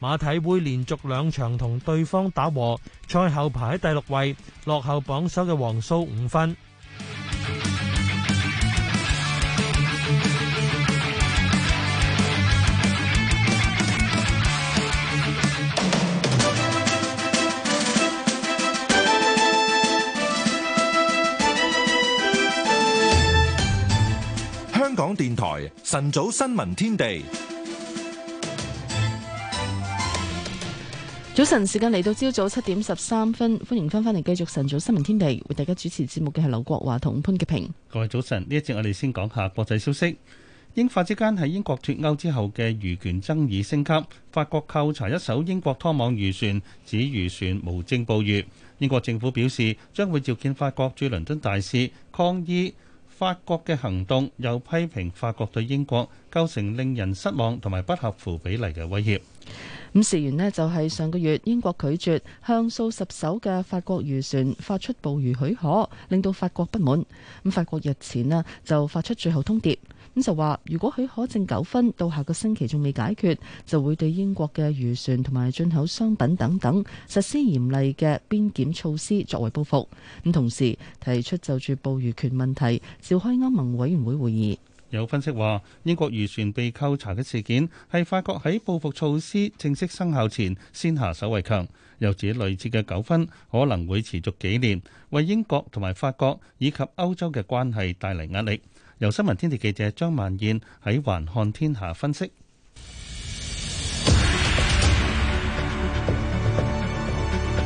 馬體會連續兩場同對方打和，賽後排喺第六位，落後榜首嘅皇蘇五分。香港電台晨早神新聞天地，早晨時間嚟到朝早七點十三分，歡迎翻翻嚟繼續晨早新聞天地，為大家主持節目嘅係劉國華同潘潔平。各位早晨，呢一節我哋先講下國際消息。英法之間喺英國脫歐之後嘅漁權爭議升級，法國扣查一艘英國拖網漁船，指漁船無證捕魚。英國政府表示，將會召見法國駐倫敦大使抗議。法國嘅行動又批評法國對英國構成令人失望同埋不合乎比例嘅威脅。咁事源呢，就係上個月英國拒絕向數十艘嘅法國漁船發出捕魚許可，令到法國不滿。咁法國日前呢，就發出最後通牒。咁就話，如果許可證糾紛到下個星期仲未解決，就會對英國嘅漁船同埋進口商品等等實施嚴厲嘅邊檢措施作為報復。咁同時提出就住捕魚權問題召開歐盟委員會會議。有分析話，英國漁船被扣查嘅事件係法國喺報復措施正式生效前先下手為強，又指類似嘅糾紛可能會持續幾年，為英國同埋法國以及歐洲嘅關係帶嚟壓力。由新聞天地記，記者張萬燕喺《環看天下》分析，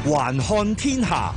《環看天下》。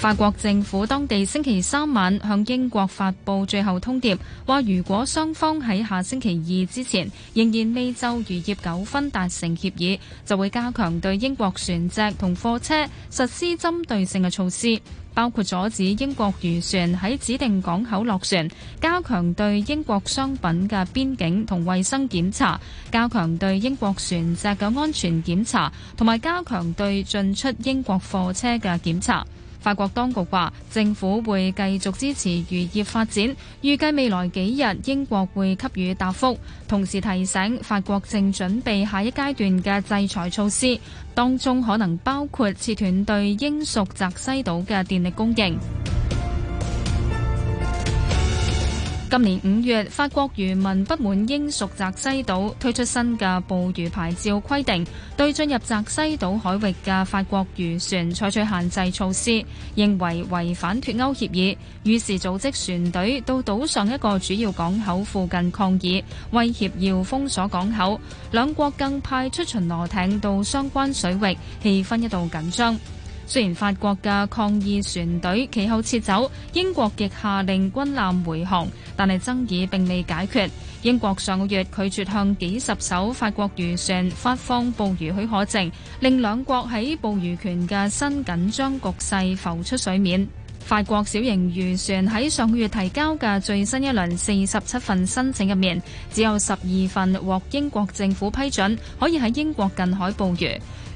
法國政府當地星期三晚向英國發布最後通牒，話，如果雙方喺下星期二之前仍然未就漁業糾紛達成協議，就會加強對英國船隻同貨車實施針對性嘅措施，包括阻止英國漁船喺指定港口落船，加強對英國商品嘅邊境同衛生檢查，加強對英國船隻嘅安全檢查，同埋加強對進出英國貨車嘅檢查。法國當局話，政府會繼續支持漁業發展，預計未來幾日英國會給予答覆，同時提醒法國正準備下一階段嘅制裁措施，當中可能包括切斷對英屬澤西島嘅電力供應。今年五月，法國漁民不滿英屬澤西島推出新嘅捕魚牌照規定，對進入澤西島海域嘅法國漁船採取限制措施，認為違反脫歐協議，於是組織船隊到島上一個主要港口附近抗議，威脅要封鎖港口，兩國更派出巡邏艇到相關水域，氣氛一度緊張。雖然法國嘅抗議船隊其後撤走，英國亦下令軍艦回航，但係爭議並未解決。英國上個月拒絕向幾十艘法國漁船發放捕魚許可證，令兩國喺捕魚權嘅新緊張局勢浮出水面。法國小型漁船喺上個月提交嘅最新一輪四十七份申請入面，只有十二份獲英國政府批准，可以喺英國近海捕魚。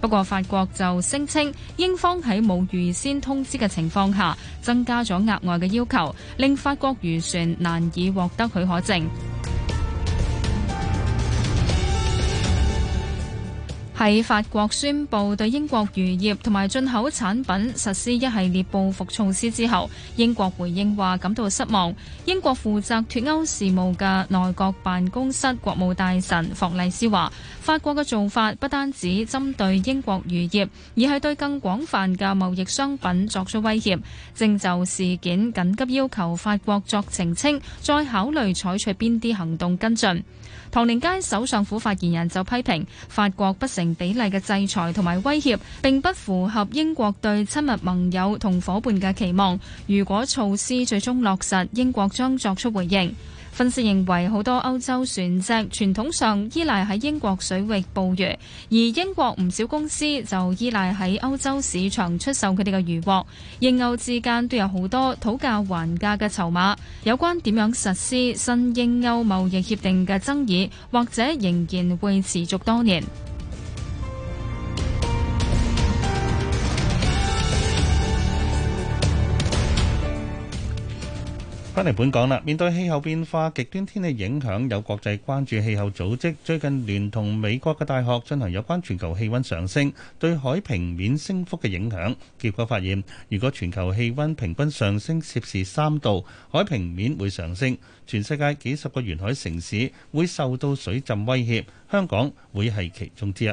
不過，法國就聲稱，英方喺冇預先通知嘅情況下，增加咗額外嘅要求，令法國漁船難以獲得許可證。喺法國宣布對英國漁業同埋進口產品實施一系列報復措施之後，英國回應話感到失望。英國負責脱歐事務嘅內閣辦公室國務大臣霍麗斯話：法國嘅做法不單止針對英國漁業，而係對更廣泛嘅貿易商品作出威脅。正就事件緊急要求法國作澄清，再考慮採取邊啲行動跟進。唐寧街首相府發言人就批評法國不成比例嘅制裁同埋威脅並不符合英國對親密盟友同伙伴嘅期望，如果措施最終落實，英國將作出回應。分析認為，好多歐洲船隻傳統上依賴喺英國水域捕魚，而英國唔少公司就依賴喺歐洲市場出售佢哋嘅漁獲。英歐之間都有好多討價還價嘅籌碼。有關點樣實施新英歐貿易協定嘅爭議，或者仍然會持續多年。翻嚟本港啦，面對氣候變化、極端天氣影響，有國際關注氣候組織最近聯同美國嘅大學進行有關全球氣温上升對海平面升幅嘅影響，結果發現，如果全球氣温平均上升攝氏三度，海平面會上升。全世界幾十個沿海城市會受到水浸威脅，香港會係其中之一。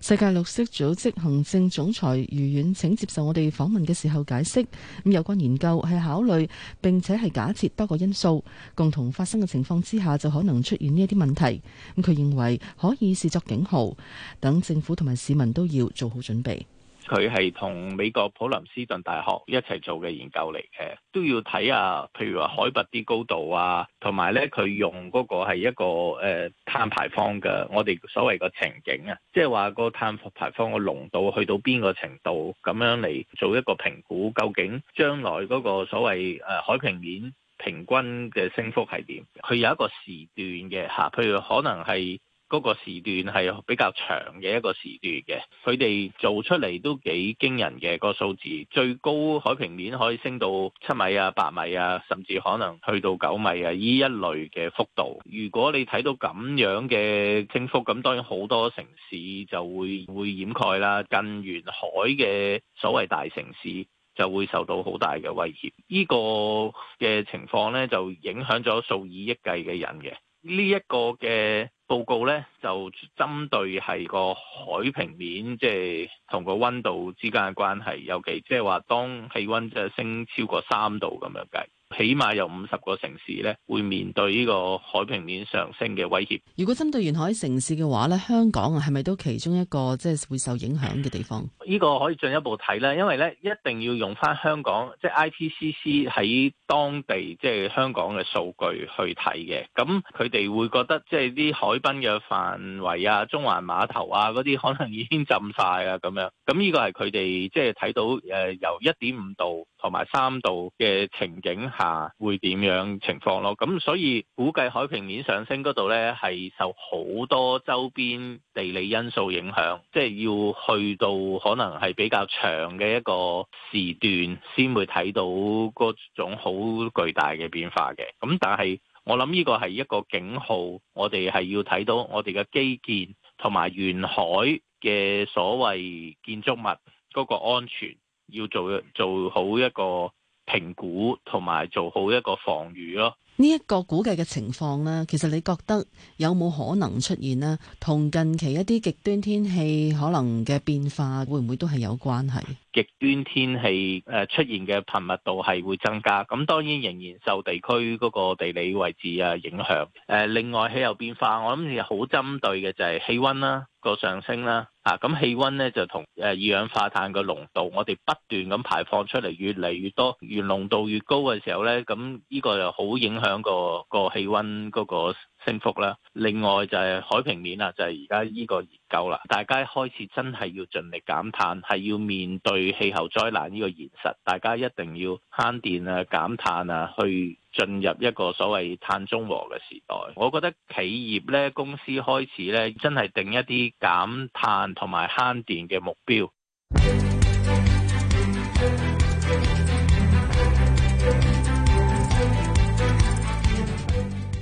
世界綠色組織行政總裁余遠騁接受我哋訪問嘅時候解釋，咁有關研究係考慮並且係假設多個因素共同發生嘅情況之下，就可能出現呢一啲問題。咁佢認為可以視作警號，等政府同埋市民都要做好準備。佢係同美國普林斯頓大學一齊做嘅研究嚟嘅，都要睇下譬如話海拔啲高度啊，同埋咧佢用嗰個係一個誒碳排放嘅，我哋所謂嘅情景啊，即係話個碳排放個濃度去到邊個程度，咁樣嚟做一個評估，究竟將來嗰個所謂誒海平面平均嘅升幅係點，佢有一個時段嘅吓，譬如可能係。嗰個時段係比較長嘅一個時段嘅，佢哋做出嚟都幾驚人嘅，個數字，最高海平面可以升到七米啊、八米啊，甚至可能去到九米啊，依一類嘅幅度。如果你睇到咁樣嘅升幅，咁當然好多城市就會會掩蓋啦，近沿海嘅所謂大城市就會受到好大嘅威脅，呢個嘅情況咧，就影響咗數以億計嘅人嘅。呢一個嘅報告咧，就針對係個海平面，即係同個溫度之間嘅關係，尤其即係話當氣溫即係升超過三度咁樣計。起碼有五十個城市咧，會面對呢個海平面上升嘅威脅。如果針對沿海城市嘅話咧，香港係咪都其中一個即係會受影響嘅地方？呢個可以進一步睇咧，因為咧一定要用返香港即係、就是、I P C C 喺當地即係、就是、香港嘅數據去睇嘅。咁佢哋會覺得即係啲海濱嘅範圍啊、中環碼頭啊嗰啲可能已經浸晒啊咁樣。咁呢個係佢哋即係睇到誒、呃、由一點五度，同埋三度嘅情景下，會點樣情況咯？咁所以估計海平面上升嗰度咧，係受好多周邊地理因素影響，即係要去到可能係比較長嘅一個時段，先會睇到嗰種好巨大嘅變化嘅。咁但係，我諗呢個係一個警號，我哋係要睇到我哋嘅基建同埋沿海嘅所謂建築物嗰個安全。要做做好一個評估，同埋做好一個防禦咯。呢一個估計嘅情況咧，其實你覺得有冇可能出現咧？同近期一啲極端天氣可能嘅變化會唔會都係有關係？極端天氣誒出現嘅頻密度係會增加，咁當然仍然受地區嗰個地理位置啊影響。誒，另外氣候變化，我諗亦係好針對嘅就係氣温啦，個上升啦吓，咁，啊，氣温咧就同誒二氧化碳個濃度，我哋不斷咁排放出嚟越嚟越多，越濃度越高嘅時候咧，咁呢個又好影響。兩個個氣溫嗰個升幅啦，另外就係海平面啦，就係而家呢個研究啦。大家開始真係要盡力減碳，係要面對氣候災難呢個現實。大家一定要慳電啊、減碳啊，去進入一個所謂碳中和嘅時代。我覺得企業呢，公司開始呢，真係定一啲減碳同埋慳電嘅目標。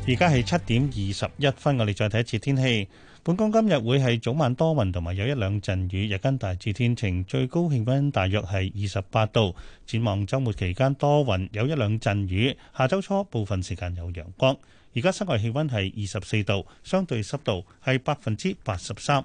而家係七點二十一分，我哋再睇一次天氣。本港今日會係早晚多雲同埋有一兩陣雨，日間大致天晴，最高氣温大約係二十八度。展望週末期間多雲，有一兩陣雨，下周初部分時間有陽光。而家室外氣温係二十四度，相對濕度係百分之八十三。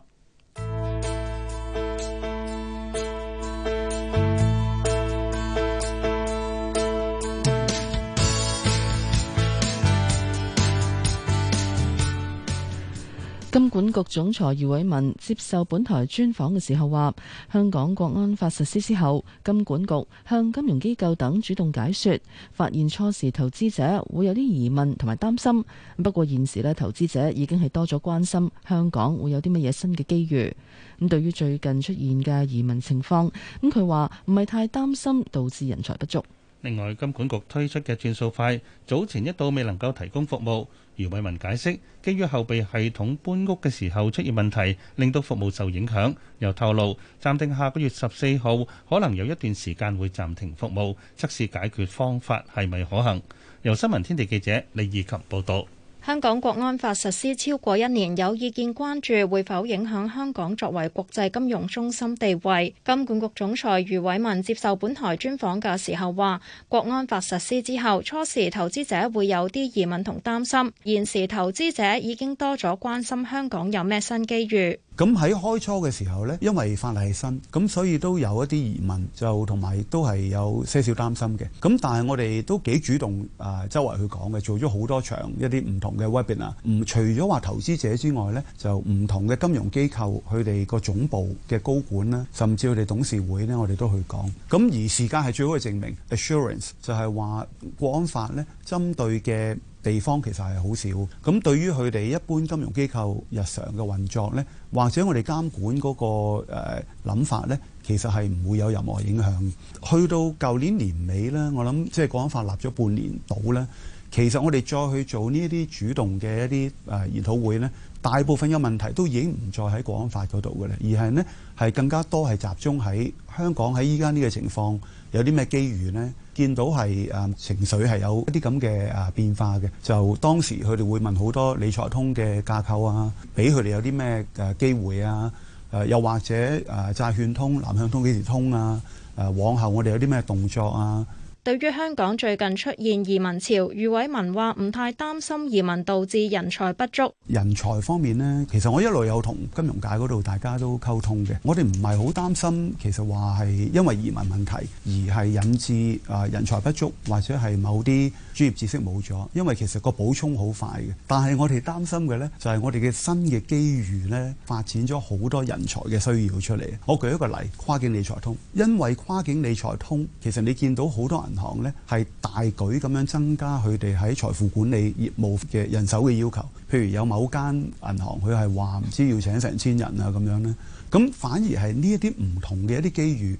金管局總裁余偉文接受本台專訪嘅時候話，香港國安法實施之後，金管局向金融機構等主動解說，發現初時投資者會有啲疑問同埋擔心。不過現時咧，投資者已經係多咗關心香港會有啲乜嘢新嘅機遇。咁對於最近出現嘅移民情況，咁佢話唔係太擔心導致人才不足。另外，金管局推出嘅轉數快，早前一度未能夠提供服務。姚偉文解釋，基於後備系統搬屋嘅時候出現問題，令到服務受影響。又透露暫定下個月十四號可能有一段時間會暫停服務，測試解決方法係咪可行。由新聞天地記者李怡琴報道。香港國安法實施超過一年，有意見關注會否影響香港作為國際金融中心地位。金管局總裁余偉文接受本台專訪嘅時候話，國安法實施之後，初時投資者會有啲疑問同擔心，現時投資者已經多咗關心香港有咩新機遇。咁喺開初嘅時候咧，因為法例係新，咁所以都有一啲疑問，就同埋都係有些少擔心嘅。咁但係我哋都幾主動啊，周圍去講嘅，做咗好多場一啲唔同嘅 webinar。唔除咗話投資者之外咧，就唔同嘅金融機構佢哋個總部嘅高管啦，甚至佢哋董事會咧，我哋都去講。咁而時間係最好嘅證明，assurance 就係話《國安法》咧，針對嘅地方其實係好少，咁對於佢哋一般金融機構日常嘅運作呢，或者我哋監管嗰個誒諗法呢，其實係唔會有任何影響。去到舊年年尾呢，我諗即係《國安法》立咗半年度呢，其實我哋再去做呢一啲主動嘅一啲誒研討會呢，大部分嘅問題都已經唔再喺《國安法》嗰度嘅喇，而係呢係更加多係集中喺香港喺依家呢個情況，有啲咩機遇咧？見到係誒、呃、情緒係有一啲咁嘅誒變化嘅，就當時佢哋會問好多理財通嘅架構啊，俾佢哋有啲咩誒機會啊？誒、呃、又或者誒債券通、南向通幾時通啊？誒、呃、往後我哋有啲咩動作啊？對於香港最近出現移民潮，余偉文話唔太擔心移民導致人才不足。人才方面呢，其實我一路有同金融界嗰度大家都溝通嘅，我哋唔係好擔心，其實話係因為移民問題而係引致啊人才不足，或者係某啲專業知識冇咗，因為其實個補充好快嘅。但係我哋擔心嘅呢，就係我哋嘅新嘅機遇呢，發展咗好多人才嘅需要出嚟。我舉一個例，跨境理財通，因為跨境理財通，其實你見到好多人。銀行咧係大舉咁樣增加佢哋喺財富管理業務嘅人手嘅要求，譬如有某間銀行，佢係話唔知要請成千人啊，咁樣咧，咁反而係呢一啲唔同嘅一啲機遇。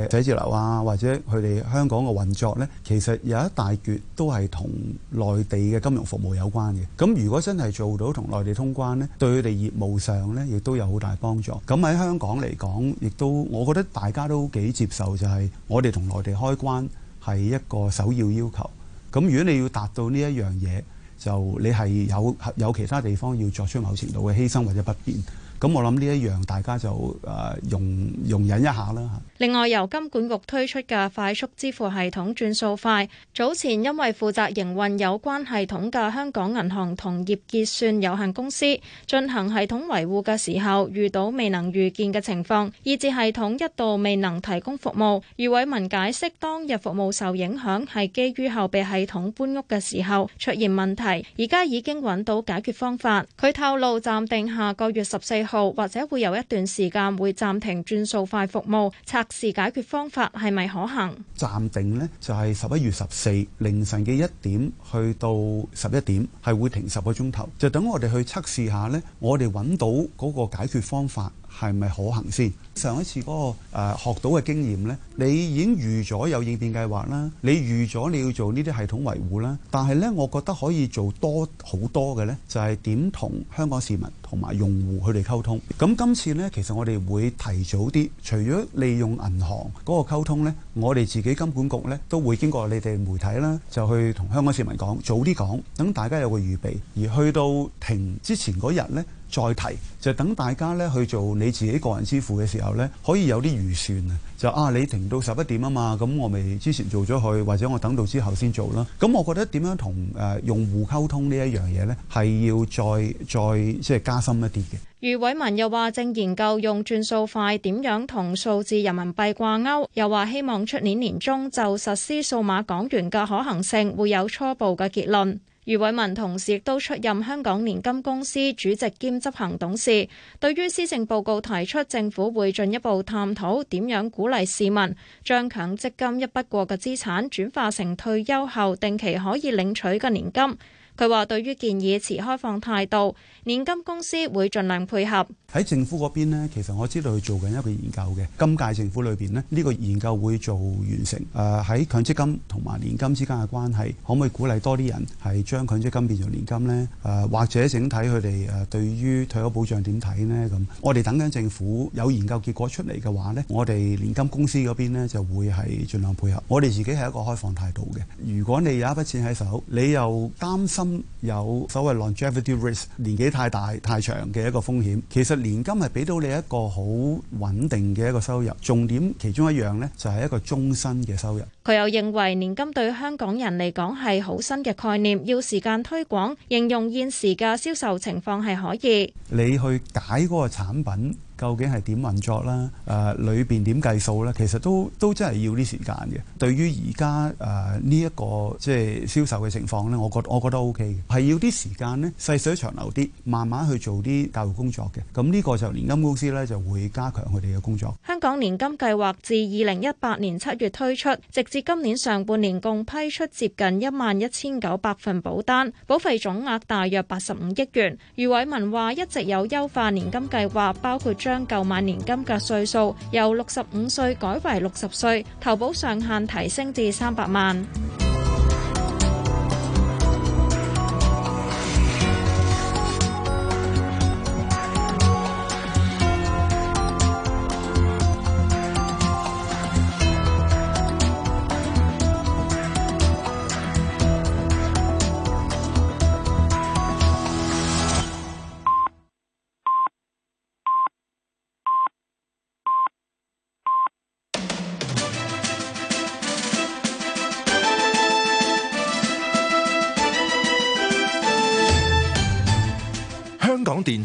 寫字樓啊，或者佢哋香港嘅運作呢，其實有一大橛都係同內地嘅金融服務有關嘅。咁如果真係做到同內地通關呢，對佢哋業務上呢，亦都有好大幫助。咁喺香港嚟講，亦都我覺得大家都幾接受，就係我哋同內地開關係一個首要要求。咁如果你要達到呢一樣嘢，就你係有有其他地方要作出某程度嘅犧牲或者不便。咁我諗呢一樣，大家就誒容容忍一下啦。另外，由金管局推出嘅快速支付系統轉數快，早前因為負責營運有關系統嘅香港銀行同業結算有限公司進行系統維護嘅時候，遇到未能預見嘅情況，以至系統一度未能提供服務。余偉文解釋，當日服務受影響係基於後備系統搬屋嘅時候出現問題，而家已經揾到解決方法。佢透露暫定下個月十四號。號或者會有一段時間會暫停轉數快服務，測試解決方法係咪可行？暫定呢就係十一月十四凌晨嘅一點去到十一點，係會停十個鐘頭，就等我哋去測試下呢，我哋揾到嗰個解決方法。係咪可行先？上一次嗰個誒學到嘅經驗呢，你已經預咗有應變計劃啦，你預咗你要做呢啲系統維護啦。但係呢，我覺得可以做多好多嘅呢，就係點同香港市民同埋用戶佢哋溝通。咁今次呢，其實我哋會提早啲，除咗利用銀行嗰個溝通呢，我哋自己金管局呢都會經過你哋媒體啦，就去同香港市民講，早啲講，等大家有個預備。而去到停之前嗰日呢。再提就等大家咧去做你自己個人支付嘅時候咧，可以有啲預算啊，就啊，你停到十一點啊嘛，咁我咪之前做咗去，或者我等到之後先做啦。咁我覺得點樣同誒、呃、用戶溝通呢一樣嘢咧，係要再再即係加深一啲嘅。余偉文又話正研究用轉數快點樣同數字人民幣掛鈎，又話希望出年年中就實施數碼港元嘅可行性會有初步嘅結論。余偉文同時亦都出任香港年金公司主席兼執行董事。對於施政報告提出政府會進一步探討點樣鼓勵市民將強積金一筆過嘅資產轉化成退休後定期可以領取嘅年金。佢話：對於建議持開放態度，年金公司會盡量配合。喺政府嗰邊呢，其實我知道佢做緊一個研究嘅。今屆政府裏邊呢，呢、呢個研究會做完成。誒、呃，喺強積金同埋年金之間嘅關係，可唔可以鼓勵多啲人係將強積金變成年金呢？誒、呃，或者整體佢哋誒對於退休保障點睇呢？咁我哋等緊政府有研究結果出嚟嘅話呢，我哋年金公司嗰邊呢就會係盡量配合。我哋自己係一個開放態度嘅。如果你有一筆錢喺手，你又擔心。有所謂 longevity risk，年紀太大太長嘅一個風險。其實年金係俾到你一個好穩定嘅一個收入，重點其中一樣呢就係一個終身嘅收入。佢又認為年金對香港人嚟講係好新嘅概念，要時間推廣，形容現時嘅銷售情況係可以。你去解嗰個產品，究竟係點運作啦？誒裏邊點計數咧？其實都都真係要啲時間嘅。對於而家誒呢一個即係銷售嘅情況咧，我覺我覺得 OK 嘅，係要啲時間咧，細水長流啲，慢慢去做啲教育工作嘅。咁呢個就年金公司呢，就會加強佢哋嘅工作。香港年金計劃自二零一八年七月推出，直至今年上半年共批出接近一萬一千九百份保單，保費總額大約八十五億元。余偉文話：一直有優化年金計劃，包括將將購買年金嘅歲數由六十五歲改為六十歲，投保上限提升至三百萬。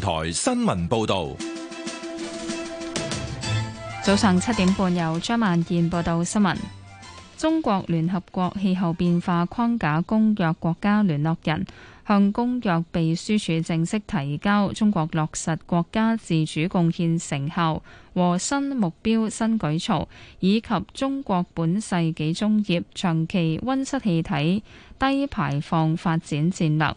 台新聞報道，早上七點半，有張萬燕報道新聞。中國聯合國氣候變化框架公約國家聯絡人向公約秘書處正式提交中國落實國家自主貢獻成效和新目標新舉措，以及中國本世紀中葉長期温室氣體低排放發展戰略。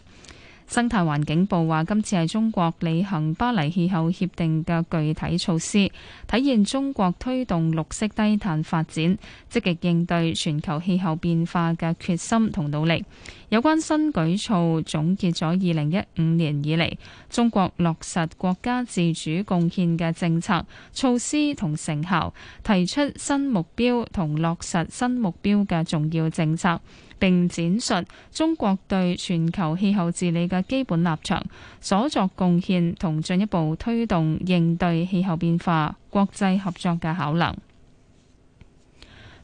生態環境部話：今次係中國履行巴黎氣候協定嘅具體措施，體現中國推動綠色低碳發展、積極應對全球氣候變化嘅決心同努力。有關新舉措總結咗二零一五年以嚟中國落實國家自主貢獻嘅政策措施同成效，提出新目標同落實新目標嘅重要政策。並展述中國對全球氣候治理嘅基本立場、所作貢獻同進一步推動應對氣候變化國際合作嘅考量。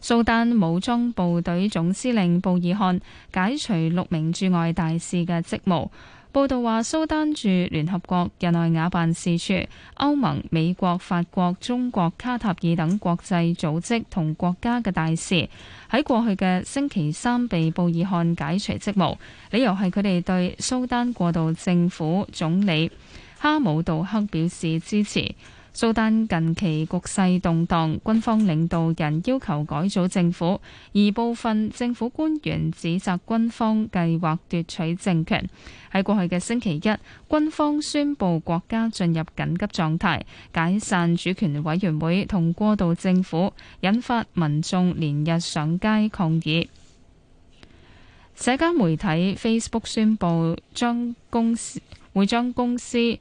蘇丹武裝部隊總司令布爾漢解除六名駐外大使嘅職務。報道話，蘇丹駐聯合國、日內瓦辦事處、歐盟、美國、法國、中國、卡塔爾等國際組織同國家嘅大使，喺過去嘅星期三被布爾汗解除職務，理由係佢哋對蘇丹過渡政府總理哈姆杜克表示支持。蘇丹近期局勢動盪，軍方領導人要求改組政府，而部分政府官員指責軍方計劃奪取政權。喺過去嘅星期一，軍方宣布國家進入緊急狀態，解散主權委員會同過渡政府，引發民眾連日上街抗議。社交媒體 Facebook 宣布將公司會將公司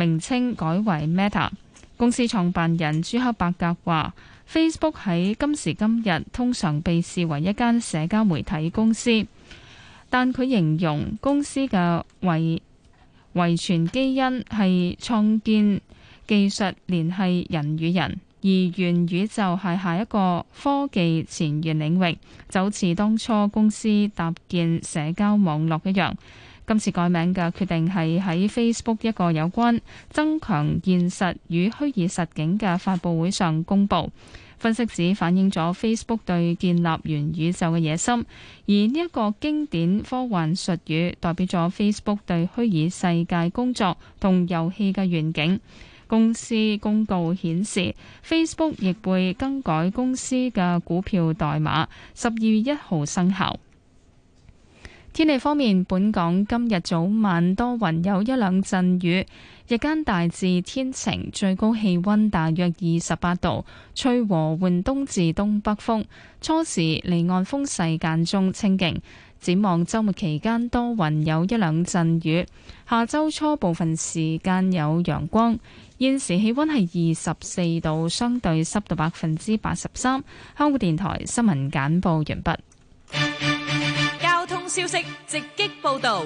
名稱改為 Meta。公司創辦人朱克伯格話：Facebook 喺今時今日通常被視為一間社交媒體公司，但佢形容公司嘅遺遺傳基因係創建技術聯繫人與人，而元宇宙係下一個科技前沿領域，就好似當初公司搭建社交網絡一樣。今次改名嘅決定係喺 Facebook 一個有關增強現實與虛擬實境嘅發佈會上公布。分析指反映咗 Facebook 對建立元宇宙嘅野心，而呢一個經典科幻術語代表咗 Facebook 對虛擬世界工作同遊戲嘅願景。公司公告顯示，Facebook 亦會更改公司嘅股票代碼，十二月一號生效。天氣方面，本港今日早晚多雲，有一兩陣雨；日間大致天晴，最高氣温大約二十八度，吹和緩東至東北風，初時離岸風勢間中清勁。展望週末期間多雲，有一兩陣雨；下週初部分時間有陽光。現時氣溫係二十四度，相對濕度百分之八十三。香港電台新聞簡報完畢。消息直擊報導。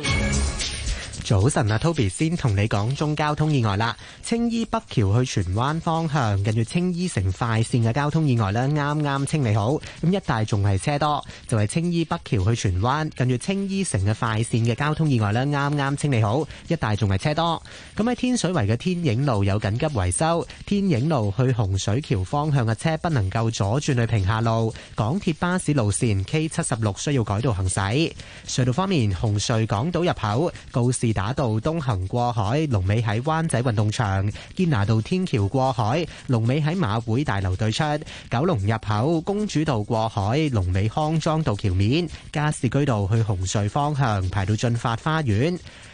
早晨啊，Toby 先同你講中交通意外啦。青衣北橋去荃灣方向，近住青衣城快綫嘅交通意外呢，啱啱清理好，咁一帶仲係車多。就係青衣北橋去荃灣，近住青衣城嘅快綫嘅交通意外呢，啱啱清理好，一帶仲係車多。咁喺天水圍嘅天影路有緊急維修，天影路去洪水橋方向嘅車不能夠左轉去平下路。港鐵巴士路綫 K 七十六需要改道行駛。隧道方面，紅隧港島入口告示。打道東行過海，龍尾喺灣仔運動場；堅拿道天橋過海，龍尾喺馬會大樓對出；九龍入口公主道過海，龍尾康莊道橋面；加士居道去紅隧方向，排到駿發花園。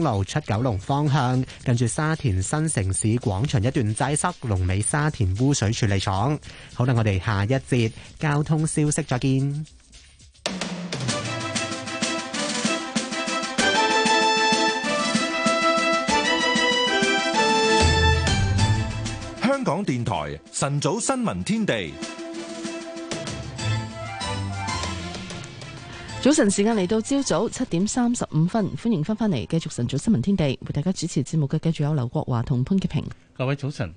路出九龍方向，近住沙田新城市廣場一段擠塞，龍尾沙田污水處理廠。好啦，我哋下一節交通消息再見。香港電台晨早新聞天地。早晨時間嚟，到朝早七點三十五分，歡迎翻返嚟，繼續晨早新聞天地，為大家主持節目嘅繼續有劉國華同潘潔平。各位早晨，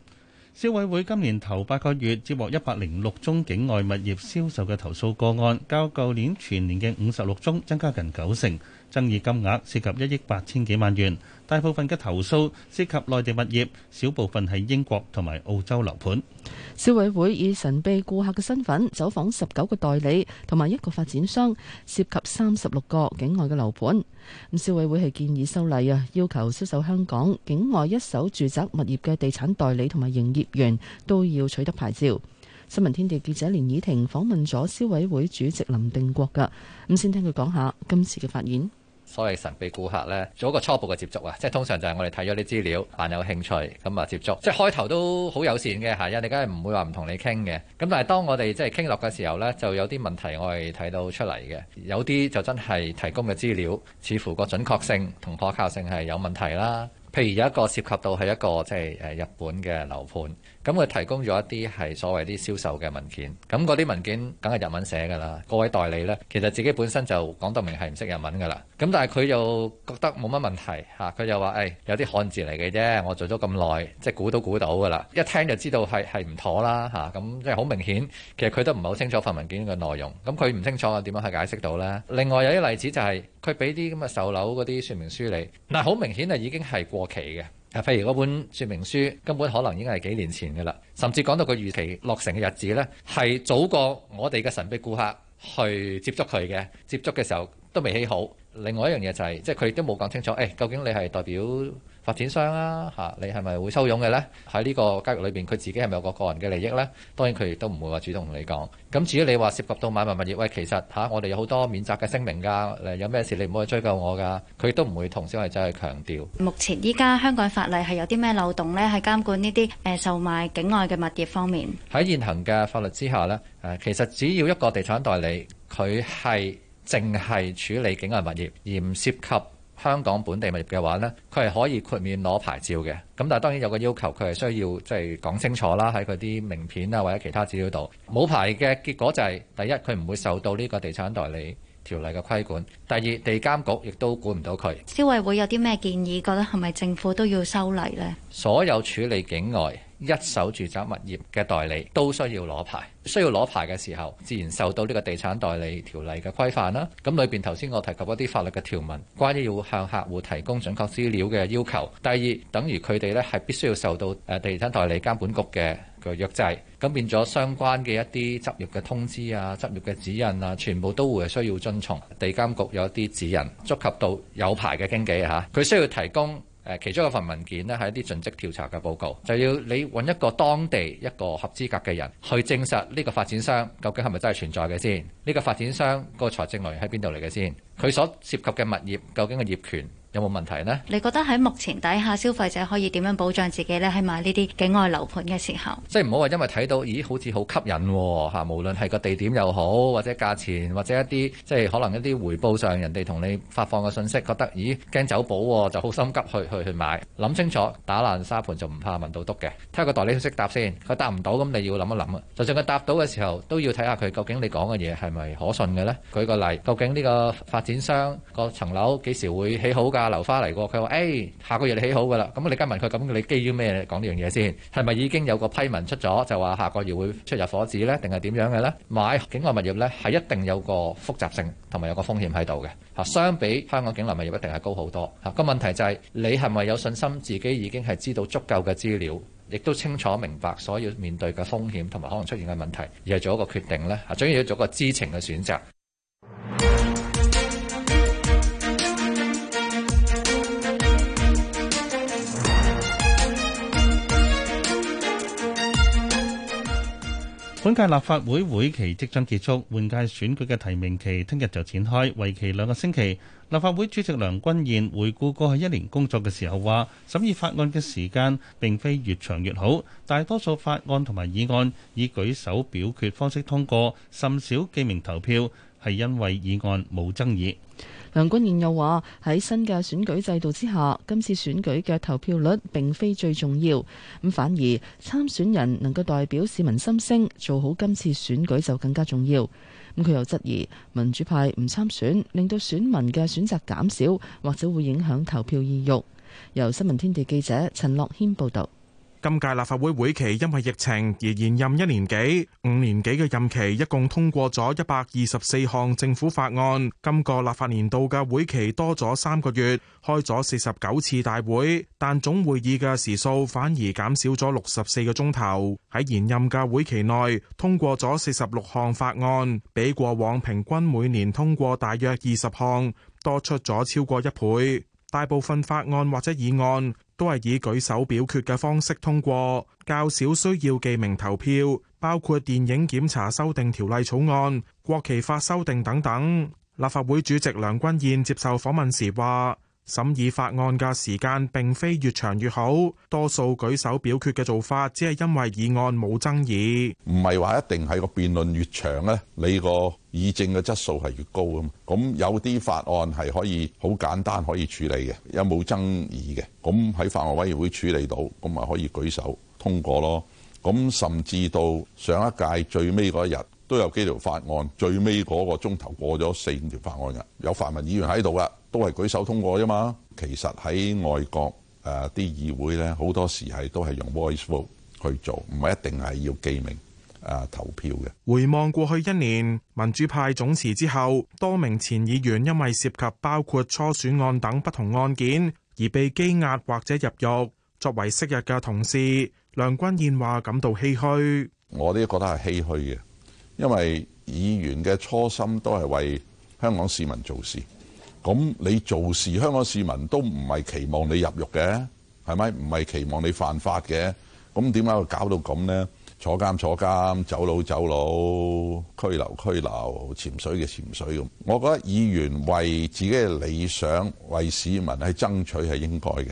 消委會今年頭八個月接獲一百零六宗境外物業銷售嘅投訴個案，較舊年全年嘅五十六宗增加近九成，爭議金額涉及一億八千幾萬元。大部分嘅投訴涉及內地物業，少部分係英國同埋澳洲樓盤。消委會以神秘顧客嘅身份走訪十九個代理同埋一個發展商，涉及三十六個境外嘅樓盤。咁消委會係建議修例啊，要求銷售香港境外一手住宅物業嘅地產代理同埋營業員都要取得牌照。新聞天地記者連以婷訪，訪問咗消委會主席林定國㗎，咁先聽佢講下今次嘅發言。所謂神秘顧客呢，做一個初步嘅接觸啊，即係通常就係我哋睇咗啲資料，扮有興趣，咁啊接觸，即係開頭都好友善嘅嚇，人哋梗係唔會話唔同你傾嘅。咁但係當我哋即係傾落嘅時候呢，就有啲問題我哋睇到出嚟嘅，有啲就真係提供嘅資料，似乎個準確性同可靠性係有問題啦。譬如有一個涉及到係一個即係誒日本嘅樓盤。咁佢提供咗一啲係所謂啲銷售嘅文件，咁嗰啲文件梗係日文寫㗎啦。各位代理呢，其實自己本身就講得明係唔識日文㗎啦。咁但係佢又覺得冇乜問題嚇，佢又話誒有啲漢字嚟嘅啫，我做咗咁耐，即係估到估到㗎啦，一聽就知道係係唔妥啦嚇。咁、啊、即係好明顯，其實佢都唔係好清楚份文件嘅內容。咁佢唔清楚點樣去解釋到呢。另外有啲例子就係佢俾啲咁嘅售樓嗰啲說明書你，嗱好明顯係已經係過期嘅。啊，譬如嗰本說明書根本可能已經係幾年前嘅啦，甚至講到佢預期落成嘅日子呢，係早過我哋嘅神秘顧客去接觸佢嘅，接觸嘅時候都未起好。另外一樣嘢就係，即係佢都冇講清楚，誒，究竟你係代表發展商啊，嚇、啊、你係咪會收傭嘅呢？喺呢個交易裏邊，佢自己係咪有個個人嘅利益呢？當然佢亦都唔會話主動同你講。咁至於你話涉及到買賣物業，喂，其實嚇、啊、我哋有好多免責嘅聲明㗎、啊。有咩事你唔可以追究我㗎。佢都唔會同消費者去強調。目前依家香港法例係有啲咩漏洞呢？喺監管呢啲誒售賣境外嘅物業方面。喺現行嘅法律之下呢，誒、啊、其實只要一個地產代理，佢係淨係處理境外物業而唔涉及。香港本地物業嘅話呢，佢係可以豁免攞牌照嘅。咁但係當然有個要求，佢係需要即係、就是、講清楚啦，喺佢啲名片啊或者其他資料度。冇牌嘅結果就係、是、第一，佢唔會受到呢個地產代理條例嘅規管；第二，地監局亦都管唔到佢。消委會有啲咩建議？覺得係咪政府都要修例呢？所有處理境外一手住宅物業嘅代理都需要攞牌，需要攞牌嘅時候，自然受到呢個地產代理條例嘅規範啦。咁裏邊頭先我提及一啲法律嘅條文，關於要向客戶提供準確資料嘅要求。第二，等於佢哋咧係必須要受到誒地產代理監管局嘅嘅約制，咁變咗相關嘅一啲執業嘅通知啊、執業嘅指引啊，全部都會需要遵從。地監局有一啲指引，觸及到有牌嘅經紀吓，佢需要提供。誒，其中一份文件咧，係一啲盡職調查嘅報告，就要你揾一個當地一個合資格嘅人去證實呢個發展商究竟係咪真係存在嘅先？呢個發展商個財政來源喺邊度嚟嘅先？佢所涉及嘅物業究竟嘅業權？有冇問題呢？你覺得喺目前底下，消費者可以點樣保障自己咧？喺買呢啲境外樓盤嘅時候，即係唔好話因為睇到，咦，好似好吸引喎、哦、嚇！無論係個地點又好，或者價錢，或者一啲即係可能一啲回報上，人哋同你發放嘅信息，覺得咦，驚走寶喎、哦，就好心急去去去買。諗清楚，打爛沙盤就唔怕問到篤嘅。睇下個代理識唔識答先。佢答唔到，咁你要諗一諗啊。就算佢答到嘅時候，都要睇下佢究竟你講嘅嘢係咪可信嘅呢？舉個例，究竟呢個發展商個層樓幾時會起好㗎？流花嚟過，佢話誒，下個月你起好噶啦。咁你加問佢咁，你基於咩講呢樣嘢先？係咪已經有個批文出咗，就話下個月會出入伙紙呢？定係點樣嘅呢？買境外物業呢，係一定有個複雜性同埋有個風險喺度嘅。吓，相比香港境內物業一定係高好多。吓、啊，個問題就係、是、你係咪有信心自己已經係知道足夠嘅資料，亦都清楚明白所要面對嘅風險同埋可能出現嘅問題，而係做一個決定呢？吓、啊，終要做一個知情嘅選擇。本屆立法會會期即將結束，換屆選舉嘅提名期聽日就展開，為期兩個星期。立法會主席梁君彥回顧過去一年工作嘅時候話，審議法案嘅時間並非越長越好，大多數法案同埋議案以舉手表決方式通過，甚少記名投票，係因為議案冇爭議。梁君彥又話：喺新嘅選舉制度之下，今次選舉嘅投票率並非最重要，咁反而參選人能夠代表市民心聲，做好今次選舉就更加重要。咁佢又質疑民主派唔參選，令到選民嘅選擇減少，或者會影響投票意欲。由新聞天地記者陳樂軒報導。今屆立法會會期因為疫情而延任一年幾、五年幾嘅任期，一共通過咗一百二十四項政府法案。今個立法年度嘅會期多咗三個月，開咗四十九次大會，但總會議嘅時數反而減少咗六十四個鐘頭。喺延任嘅會期內，通過咗四十六項法案，比過往平均每年通過大約二十項，多出咗超過一倍。大部分法案或者議案都係以舉手表決嘅方式通過，較少需要記名投票，包括電影檢查修訂條例草案、國旗法修訂等等。立法會主席梁君彥接受訪問時話，審議法案嘅時間並非越長越好，多數舉手表決嘅做法只係因為議案冇爭議，唔係話一定係個辯論越長咧，你個。議政嘅質素係越高啊嘛，咁有啲法案係可以好簡單可以處理嘅，有冇爭議嘅，咁喺法案委員會處理到，咁咪可以舉手通過咯。咁甚至到上一屆最尾嗰一日，都有幾條法案，最尾嗰個鐘頭過咗四五條法案嘅，有泛民議員喺度啊，都係舉手通過啫嘛。其實喺外國誒啲議會呢，好多時係都係用 voice vote 去做，唔係一定係要記名。啊！投票嘅回望，過去一年，民主派總辭之後，多名前議員因為涉及包括初選案等不同案件而被羈押或者入獄。作為昔日嘅同事，梁君彥話感到唏噓。我都覺得係唏噓嘅，因為議員嘅初心都係為香港市民做事。咁你做事，香港市民都唔係期望你入獄嘅，係咪？唔係期望你犯法嘅。咁點解會搞到咁呢？坐監坐監，走佬走佬，拘留拘留，潛水嘅潛水咁。我覺得議員為自己嘅理想、為市民去爭取係應該嘅，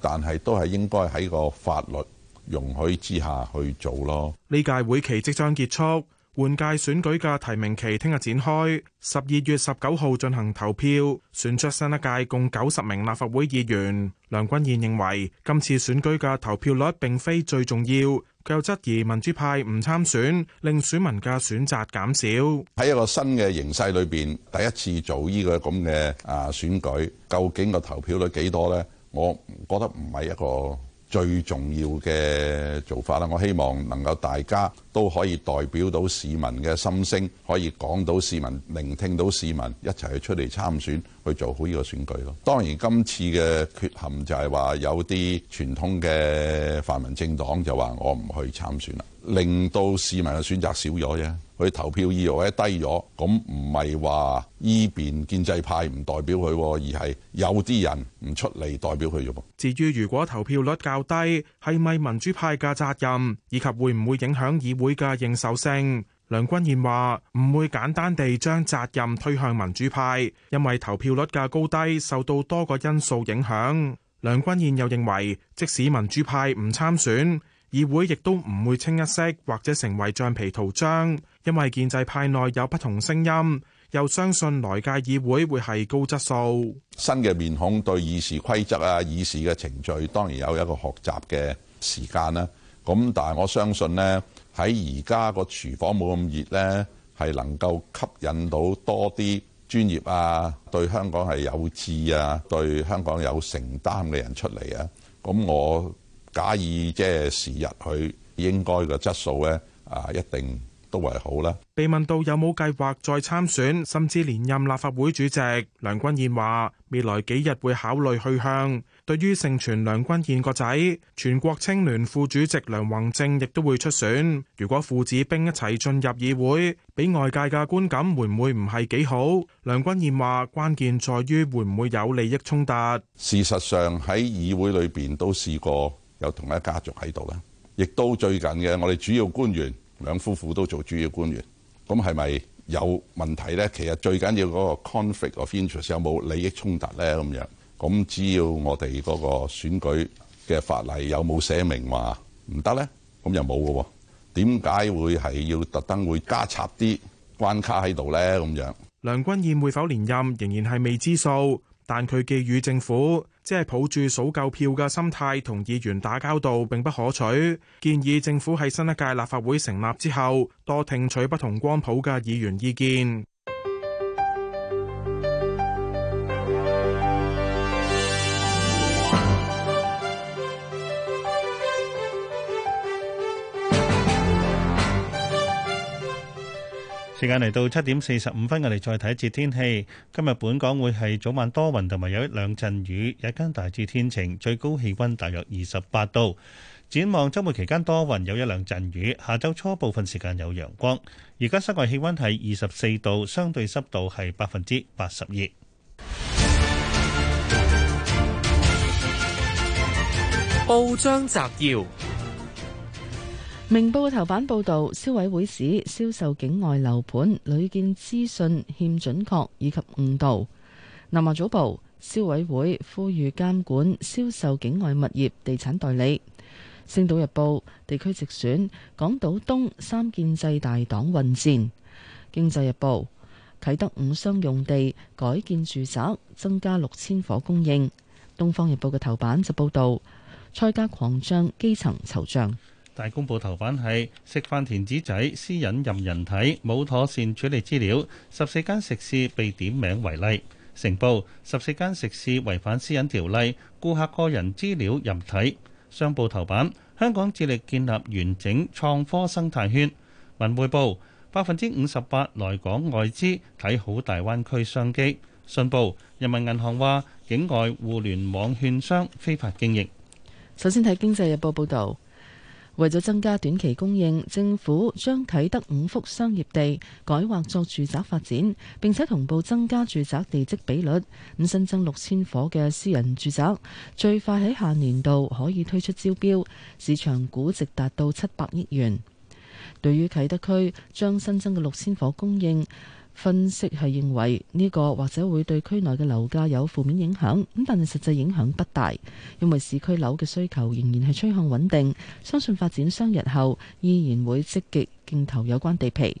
但係都係應該喺個法律容許之下去做咯。呢屆會期即將結束，換屆選舉嘅提名期聽日展開，十二月十九號進行投票，選出新一屆共九十名立法會議員。梁君彥認為，今次選舉嘅投票率並非最重要。佢又質疑民主派唔參選，令選民嘅選擇減少。喺一個新嘅形勢裏邊，第一次做呢個咁嘅啊選舉，究竟個投票率幾多咧？我覺得唔係一個最重要嘅做法啦，我希望能夠大家都可以代表到市民嘅心聲，可以講到市民，聆聽到市民一齊去出嚟參選，去做好呢個選舉咯。當然，今次嘅缺陷就係話有啲傳統嘅泛民政黨就話我唔去參選啦。令到市民嘅選擇少咗啫，佢投票意欲低咗，咁唔係話依邊建制派唔代表佢，而係有啲人唔出嚟代表佢啫。至於如果投票率較低，係咪民主派嘅責任，以及會唔會影響議會嘅認受性？梁君彥話唔會簡單地將責任推向民主派，因為投票率嘅高低受到多個因素影響。梁君彥又認為，即使民主派唔參選，議會亦都唔會清一色，或者成為橡皮圖章，因為建制派內有不同聲音，又相信來屆議會會係高質素。新嘅面孔對議事規則啊、議事嘅程序，當然有一個學習嘅時間啦。咁但係我相信呢，喺而家個廚房冇咁熱呢，係能夠吸引到多啲專業啊，對香港係有志啊，對香港有承擔嘅人出嚟啊。咁我。假意即係時日，去應該嘅質素咧，啊，一定都為好啦，被問到有冇計劃再參選，甚至連任立法會主席，梁君彥話未來幾日會考慮去向。對於盛傳梁君彥個仔，全國青聯副主席梁宏正亦都會出選，如果父子兵一齊進入議會俾外界嘅觀感會唔會唔係幾好？梁君彥話關鍵在於會唔會有利益衝突。事實上喺議會裏邊都試過。有同一家族喺度啦，亦都最近嘅，我哋主要官員兩夫婦都做主要官員，咁係咪有問題咧？其實最緊要嗰個 conflict of interest 有冇利益衝突咧？咁樣，咁只要我哋嗰個選舉嘅法例有冇寫明話唔得咧，咁就冇嘅喎。點解，會，係要特登會加插啲關卡喺度咧？咁樣，梁君彥會否連任仍然係未知數，但佢寄語政府。即係抱住數夠票嘅心態，同議員打交道並不可取，建議政府喺新一屆立法會成立之後，多聽取不同光譜嘅議員意見。時間嚟到七點四十五分，我哋再睇一節天氣。今日本港會係早晚多雲，同埋有一兩陣雨，日間大致天晴，最高氣溫大約二十八度。展望周末期間多雲，有一兩陣雨。下周初部分時間有陽光。而家室外氣溫係二十四度，相對濕度係百分之八十二。報章摘要。明報嘅頭版報道，消委會指銷售境外樓盤屢見資訊欠準確以及誤導。南華早報，消委會呼籲監管銷售境外物業地產代理。星島日報，地區直選，港島東三建制大黨混戰。經濟日報，啟德五商用地改建住宅，增加六千伙供應。東方日報嘅頭版就報道，菜價狂漲，基層惆脹。大公報頭版係食飯填紙仔私隱任人睇，冇妥善處理資料。十四間食肆被點名為例。成報，十四間食肆違反私隱條例，顧客個人資料任睇。商報頭版，香港致力建立完整創科生態圈。文匯報，百分之五十八來港外資睇好大灣區商機。信報，人民銀行話境外互聯網券商非法經營。首先睇經濟日報報導。為咗增加短期供應，政府將啟德五幅商業地改劃作住宅發展，並且同步增加住宅地積比率，咁新增六千伙嘅私人住宅，最快喺下年度可以推出招標，市場估值達到七百億元。對於啟德區，將新增嘅六千伙供應。分析係認為呢個或者會對區內嘅樓價有負面影響，咁但係實際影響不大，因為市區樓嘅需求仍然係趨向穩定，相信發展商日後依然會積極競投有關地皮。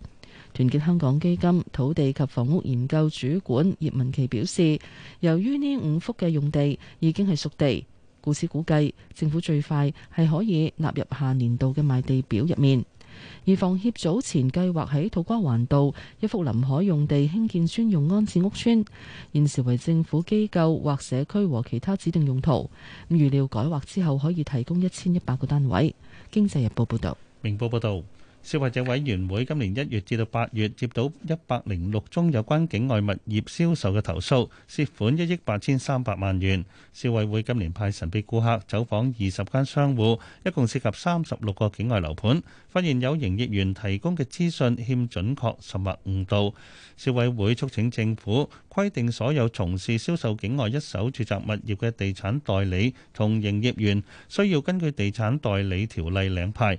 團結香港基金土地及房屋研究主管葉文琪表示，由於呢五幅嘅用地已經係熟地，故此估計政府最快係可以納入下年度嘅賣地表入面。而房協早前計劃喺土瓜灣道一幅臨海用地興建專用安置屋邨，現時為政府機構或社區和其他指定用途，預料改劃之後可以提供一千一百個單位。經濟日報報道，明報報道。消費者委員會今年一月至到八月，接到一百零六宗有關境外物業銷售嘅投訴，涉款一億八千三百萬元。消委會今年派神秘顧客走訪二十間商戶，一共涉及三十六個境外樓盤，發現有營業員提供嘅資訊欠準確，甚至誤導。消委會促請政府規定所有從事銷售境外一手住宅物業嘅地產代理同營業員，需要根據地產代理條例領牌。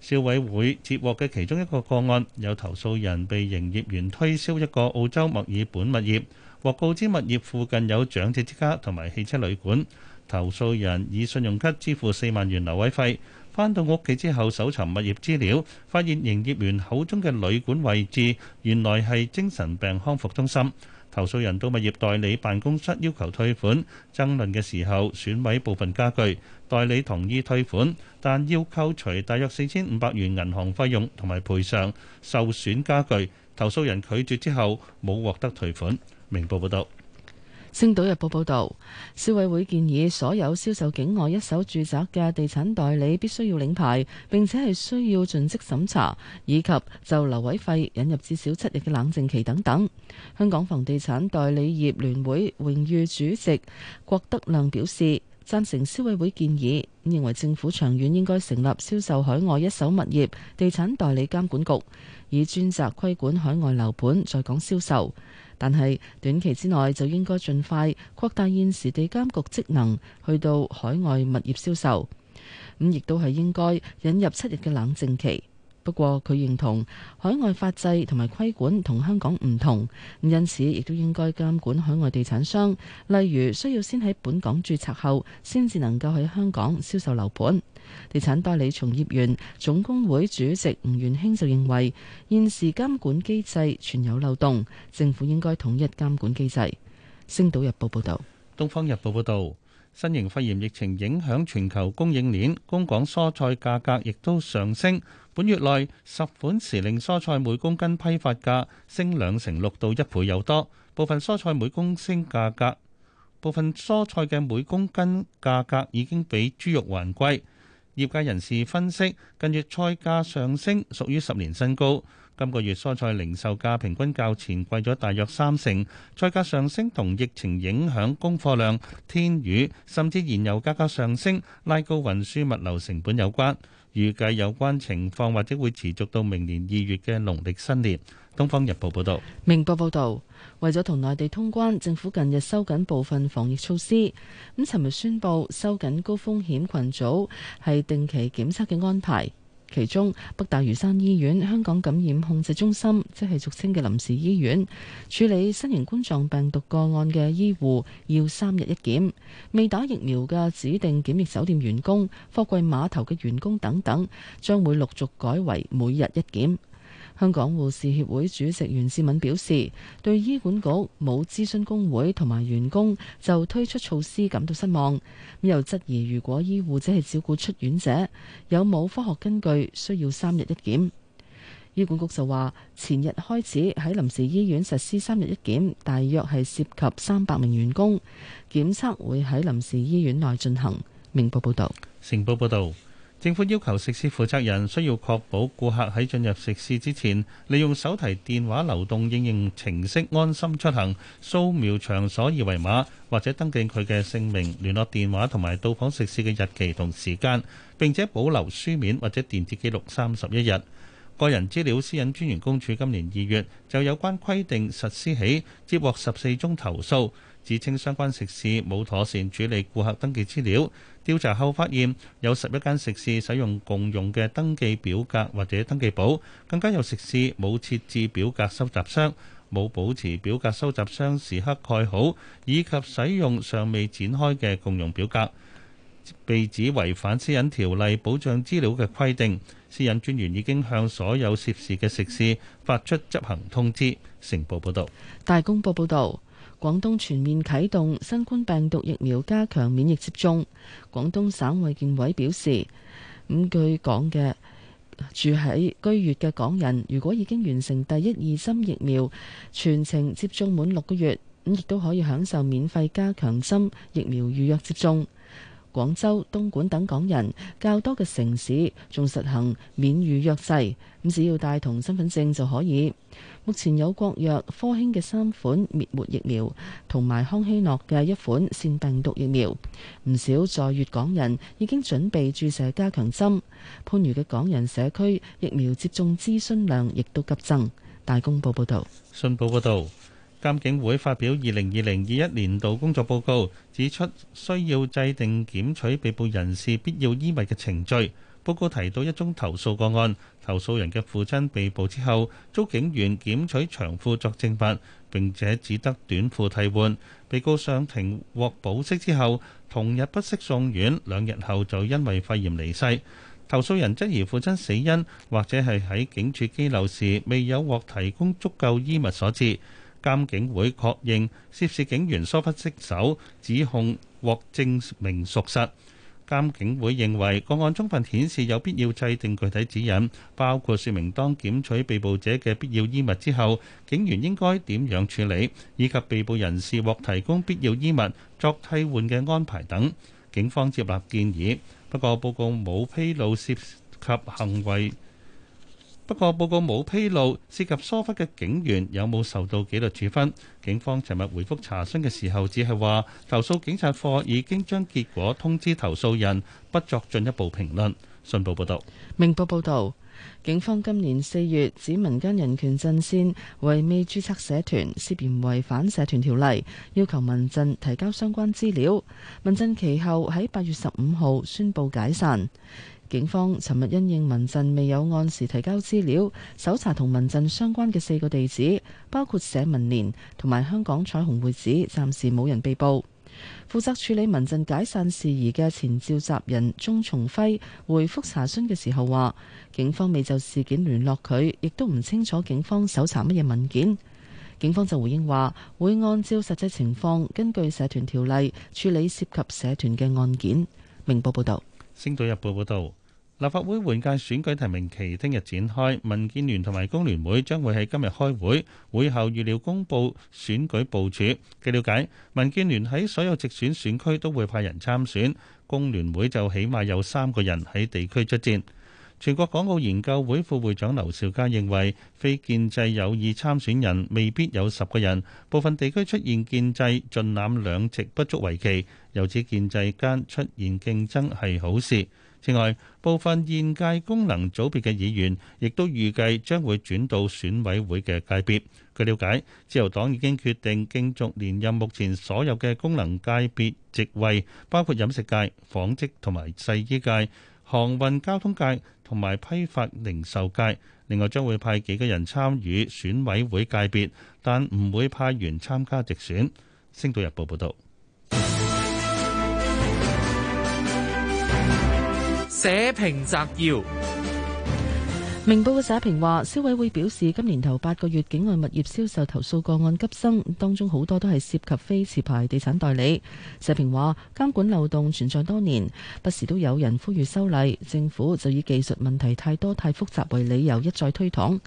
消委會接獲嘅其中一個個案，有投訴人被營業員推銷一個澳洲墨爾本物業，獲告知物業附近有長者之家同埋汽車旅館。投訴人以信用卡支付四萬元留位費，返到屋企之後搜尋物業資料，發現營業員口中嘅旅館位置原來係精神病康復中心。投訴人到物業代理辦公室要求退款，爭論嘅時候損毀部分家具。代理同意退款，但要扣除大約四千五百元銀行費用同埋賠償受損家具。投訴人拒絕之後，冇獲得退款。明報報導。星島日報報道，消委會建議所有銷售境外一手住宅嘅地產代理必須要領牌，並且係需要盡職審查，以及就留位費引入至少七日嘅冷靜期等等。香港房地產代理業，業聯會榮譽主席郭德亮表示贊成消委會建議，認為政府長遠應該成立銷售海外一手物業地產代理監管局，以專責規管海外樓盤在港銷售。但係短期之內就應該盡快擴大現時地監局職能，去到海外物業銷售。咁亦都係應該引入七日嘅冷靜期。不過佢認同海外法制同埋規管同香港唔同，因此亦都應該監管海外地產商，例如需要先喺本港註冊後，先至能夠喺香港銷售樓盤。地產代理從業員總工會主席吳元興就認為，現時監管機制存有漏洞，政府應該統一監管機制。星島日報報道，東方日報報道，新型肺炎疫情影響全球供應鏈，供港蔬菜價格亦都上升。本月內十款時令蔬菜每公斤批發價升兩成六到一倍有多，部分蔬菜每公斤價格，部分蔬菜嘅每公斤價格已經比豬肉還貴。業界人士分析，近月菜價上升屬於十年新高。今個月蔬菜零售價平均較前貴咗大約三成。菜價上升同疫情影響供貨量、天雨甚至燃油價格上升拉高運輸物流成本有關。預計有關情況或者會持續到明年二月嘅農曆新年。東方日報報道，明報報道，為咗同內地通關，政府近日收緊部分防疫措施。咁，尋日宣布收緊高風險群組係定期檢測嘅安排。其中，北大嶼山醫院、香港感染控制中心，即係俗稱嘅臨時醫院，處理新型冠狀病毒個案嘅醫護要三日一檢；未打疫苗嘅指定檢疫酒店員工、貨櫃碼頭嘅員工等等，將會陸續改為每日一檢。香港護士協會主席袁志敏表示，對醫管局冇諮詢工會同埋員工就推出措施感到失望。咁又質疑，如果醫護者係照顧出院者，有冇科學根據需要三日一檢？醫管局就話，前日開始喺臨時醫院實施三日一檢，大約係涉及三百名員工，檢測會喺臨時醫院內進行。明報報道，成報報道。政府要求食肆負責人需要確保顧客喺進入食肆之前，利用手提電話流動應用程式安心出行掃描場所二維碼，或者登記佢嘅姓名、聯絡電話同埋到訪食肆嘅日期同時間，並且保留書面或者電子記錄三十一日。個人資料私隱專員公署今年二月就有關規定實施起，接獲十四宗投訴。指稱相關食肆冇妥善處理顧客登記資料，調查後發現有十一間食肆使用共用嘅登記表格或者登記簿，更加有食肆冇設置表格收集箱，冇保持表格收集箱時刻蓋好，以及使用尚未展開嘅共用表格，被指違反《私隱條例》保障資料嘅規定。私隱專員已經向所有涉事嘅食肆發出執行通知。成報報道。大公報報導。廣東全面啟動新冠病毒疫苗加強免疫接種。廣東省衛健委表示，咁、嗯、據講嘅住喺居粵嘅港人，如果已經完成第一二針疫苗全程接種滿六個月，咁亦都可以享受免費加強針疫苗預約接種。廣州、東莞等港人較多嘅城市，仲實行免預約制，咁、嗯、只要帶同身份證就可以。目前有國藥、科興嘅三款滅活疫苗，同埋康希諾嘅一款腺病毒疫苗，唔少在粵港人已經準備注射加強針。番禺嘅港人社區疫苗接種諮詢量亦都急增。大公報報道。信報報道，監警會發表二零二零二一年度工作報告，指出需要制定檢取被捕人士必要衣物嘅程序。報告提到一宗投訴個案。投訴人嘅父親被捕之後，遭警員檢取長褲作證物，並且只得短褲替換。被告上庭獲保釋之後，同日不適送院，兩日後就因為肺炎離世。投訴人質疑父親死因，或者係喺警署羈留時未有獲提供足夠衣物所致。監警會確認涉事警員疏忽職守，指控獲證明屬實。監警會認為個案充分顯示有必要制定具體指引，包括說明當檢取被捕者嘅必要衣物之後，警員應該點樣處理，以及被捕人士獲提供必要衣物作替換嘅安排等。警方接納建議，不過報告冇披露涉及行為。不過，報告冇披露涉及疏忽嘅警員有冇受到紀律處分。警方尋日回覆查詢嘅時候只，只係話投訴警察課已經將結果通知投訴人，不作進一步評論。信報報導，明報報道：「警方今年四月指民間人權陣線為未註冊社團，涉嫌違反社團條例，要求民陣提交相關資料。民陣其後喺八月十五號宣布解散。警方尋日因應民陣未有按時提交資料，搜查同民陣相關嘅四個地址，包括社民連同埋香港彩虹會址，暫時冇人被捕。負責處理民陣解散事宜嘅前召集人鍾崇輝回覆查詢嘅時候話：警方未就事件聯絡佢，亦都唔清楚警方搜查乜嘢文件。警方就回應話：會按照實際情況，根據社團條例處理涉及社團嘅案件。明報報道。《星島日報》報導。立法會換屆選舉提名期聽日展開，民建聯同埋工聯會將會喺今日開會，會後預料公佈選舉部署。據了解，民建聯喺所有直選選區都會派人參選，工聯會就起碼有三個人喺地區出戰。全國港澳研究會副會長劉兆佳認為，非建制有意參選人未必有十個人，部分地區出現建制盡攬兩席不足為奇，由此建制間出現競爭係好事。此外，部分現屆功能組別嘅議員，亦都預計將會轉到選委會嘅界別。據了解，自由黨已經決定競逐連任目前所有嘅功能界別席位，包括飲食界、紡織同埋製衣界、航運交通界同埋批發零售界。另外，將會派幾個人參與選委會界別，但唔會派員參加直選。星島日報報道。社評摘要：明報嘅社評話，消委會表示今年頭八個月境外物業銷售投訴個案急增，當中好多都係涉及非持牌地產代理。社評話，監管漏洞存在多年，不時都有人呼籲修例，政府就以技術問題太多太複雜為理由一再推搪。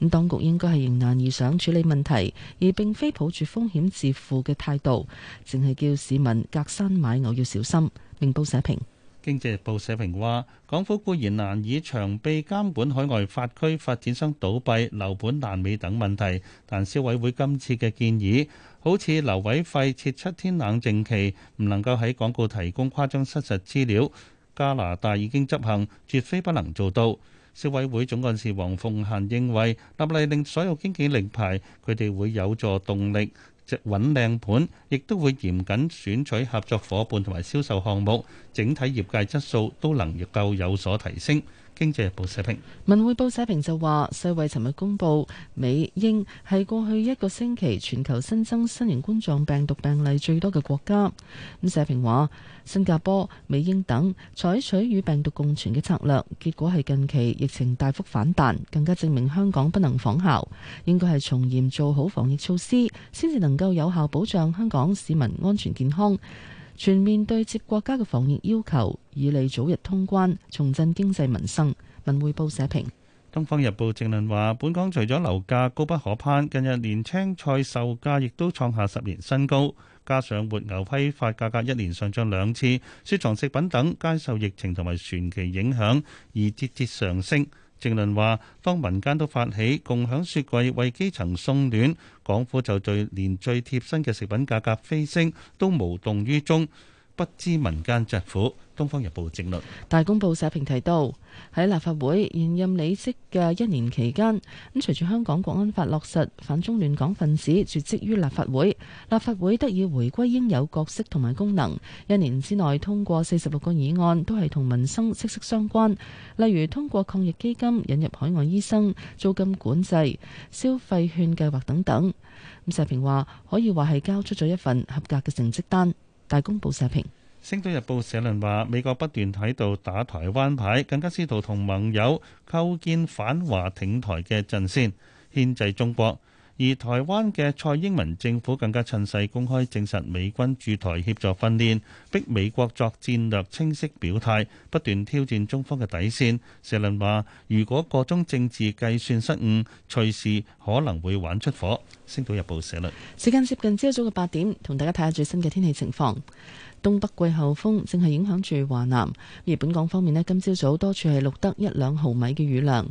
咁當局應該係迎難而上處理問題，而並非抱住風險自負嘅態度，淨係叫市民隔山買牛要小心。明報社評。經濟日報社評話，港府固然難以長臂監管海外發區發展商倒閉、樓盤爛尾等問題，但消委會今次嘅建議，好似留位費設七天冷靜期，唔能夠喺廣告提供誇張失實資料。加拿大已經執行，絕非不能做到。消委會總幹事黃鳳嫻認為，立例令所有經紀領牌，佢哋會有助動力。即搵靚盤，亦都會嚴謹選取合作伙伴同埋銷售項目，整體業界質素都能夠有所提升。經濟日報社評，文匯報社評就話，世衛尋日公布，美英係過去一個星期全球新增新型冠狀病毒病例最多嘅國家。咁社評話，新加坡、美英等採取與病毒共存嘅策略，結果係近期疫情大幅反彈，更加證明香港不能仿效，應該係從嚴做好防疫措施，先至能夠有效保障香港市民安全健康。全面對接國家嘅防疫要求，以利早日通關，重振經濟民生。文匯報社評，《東方日報》正論話：本港除咗樓價高不可攀，近日連青菜售價亦都創下十年新高，加上活牛批發價格一年上漲兩次，雪藏食品等皆受疫情同埋船期影響而節節上升。正論話：當民間都發起共享雪櫃為基層送暖，港府就對連最貼身嘅食品價格飛升都無動於衷，不知民間疾苦。《東方日報》正論大公報社評提到，喺立法會延任履職嘅一年期間，咁隨住香港國安法落實，反中亂港分子絕跡於立法會，立法會得以回歸應有角色同埋功能。一年之內通過四十六個議案，都係同民生息息相關，例如通過抗疫基金、引入海外醫生、租金管制、消費券計劃等等。咁社評話，可以話係交出咗一份合格嘅成績單。大公報社評。《星島日報》社論話，美國不斷喺度打台灣牌，更加試圖同盟友構建反華挺台嘅陣線，牽制中國。而台灣嘅蔡英文政府更加趁勢公開證實美軍駐台協助訓練，逼美國作戰略清晰表態，不斷挑戰中方嘅底線。社論話，如果個中政治計算失誤，隨時可能會玩出火。《星島日報》社論。時間接近朝早嘅八點，同大家睇下最新嘅天氣情況。東北季候風正係影響住華南，而本港方面呢，今朝早多處係錄得一兩毫米嘅雨量。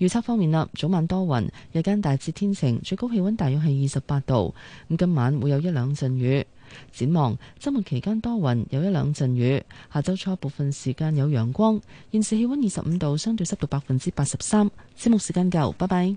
預測方面啦，早晚多雲，日間大致天晴，最高氣溫大約係二十八度。咁今晚會有一兩陣雨。展望週末期間多雲，有一兩陣雨。下週初部分時間有陽光。現時氣溫二十五度，相對濕度百分之八十三。節目時間夠，拜拜。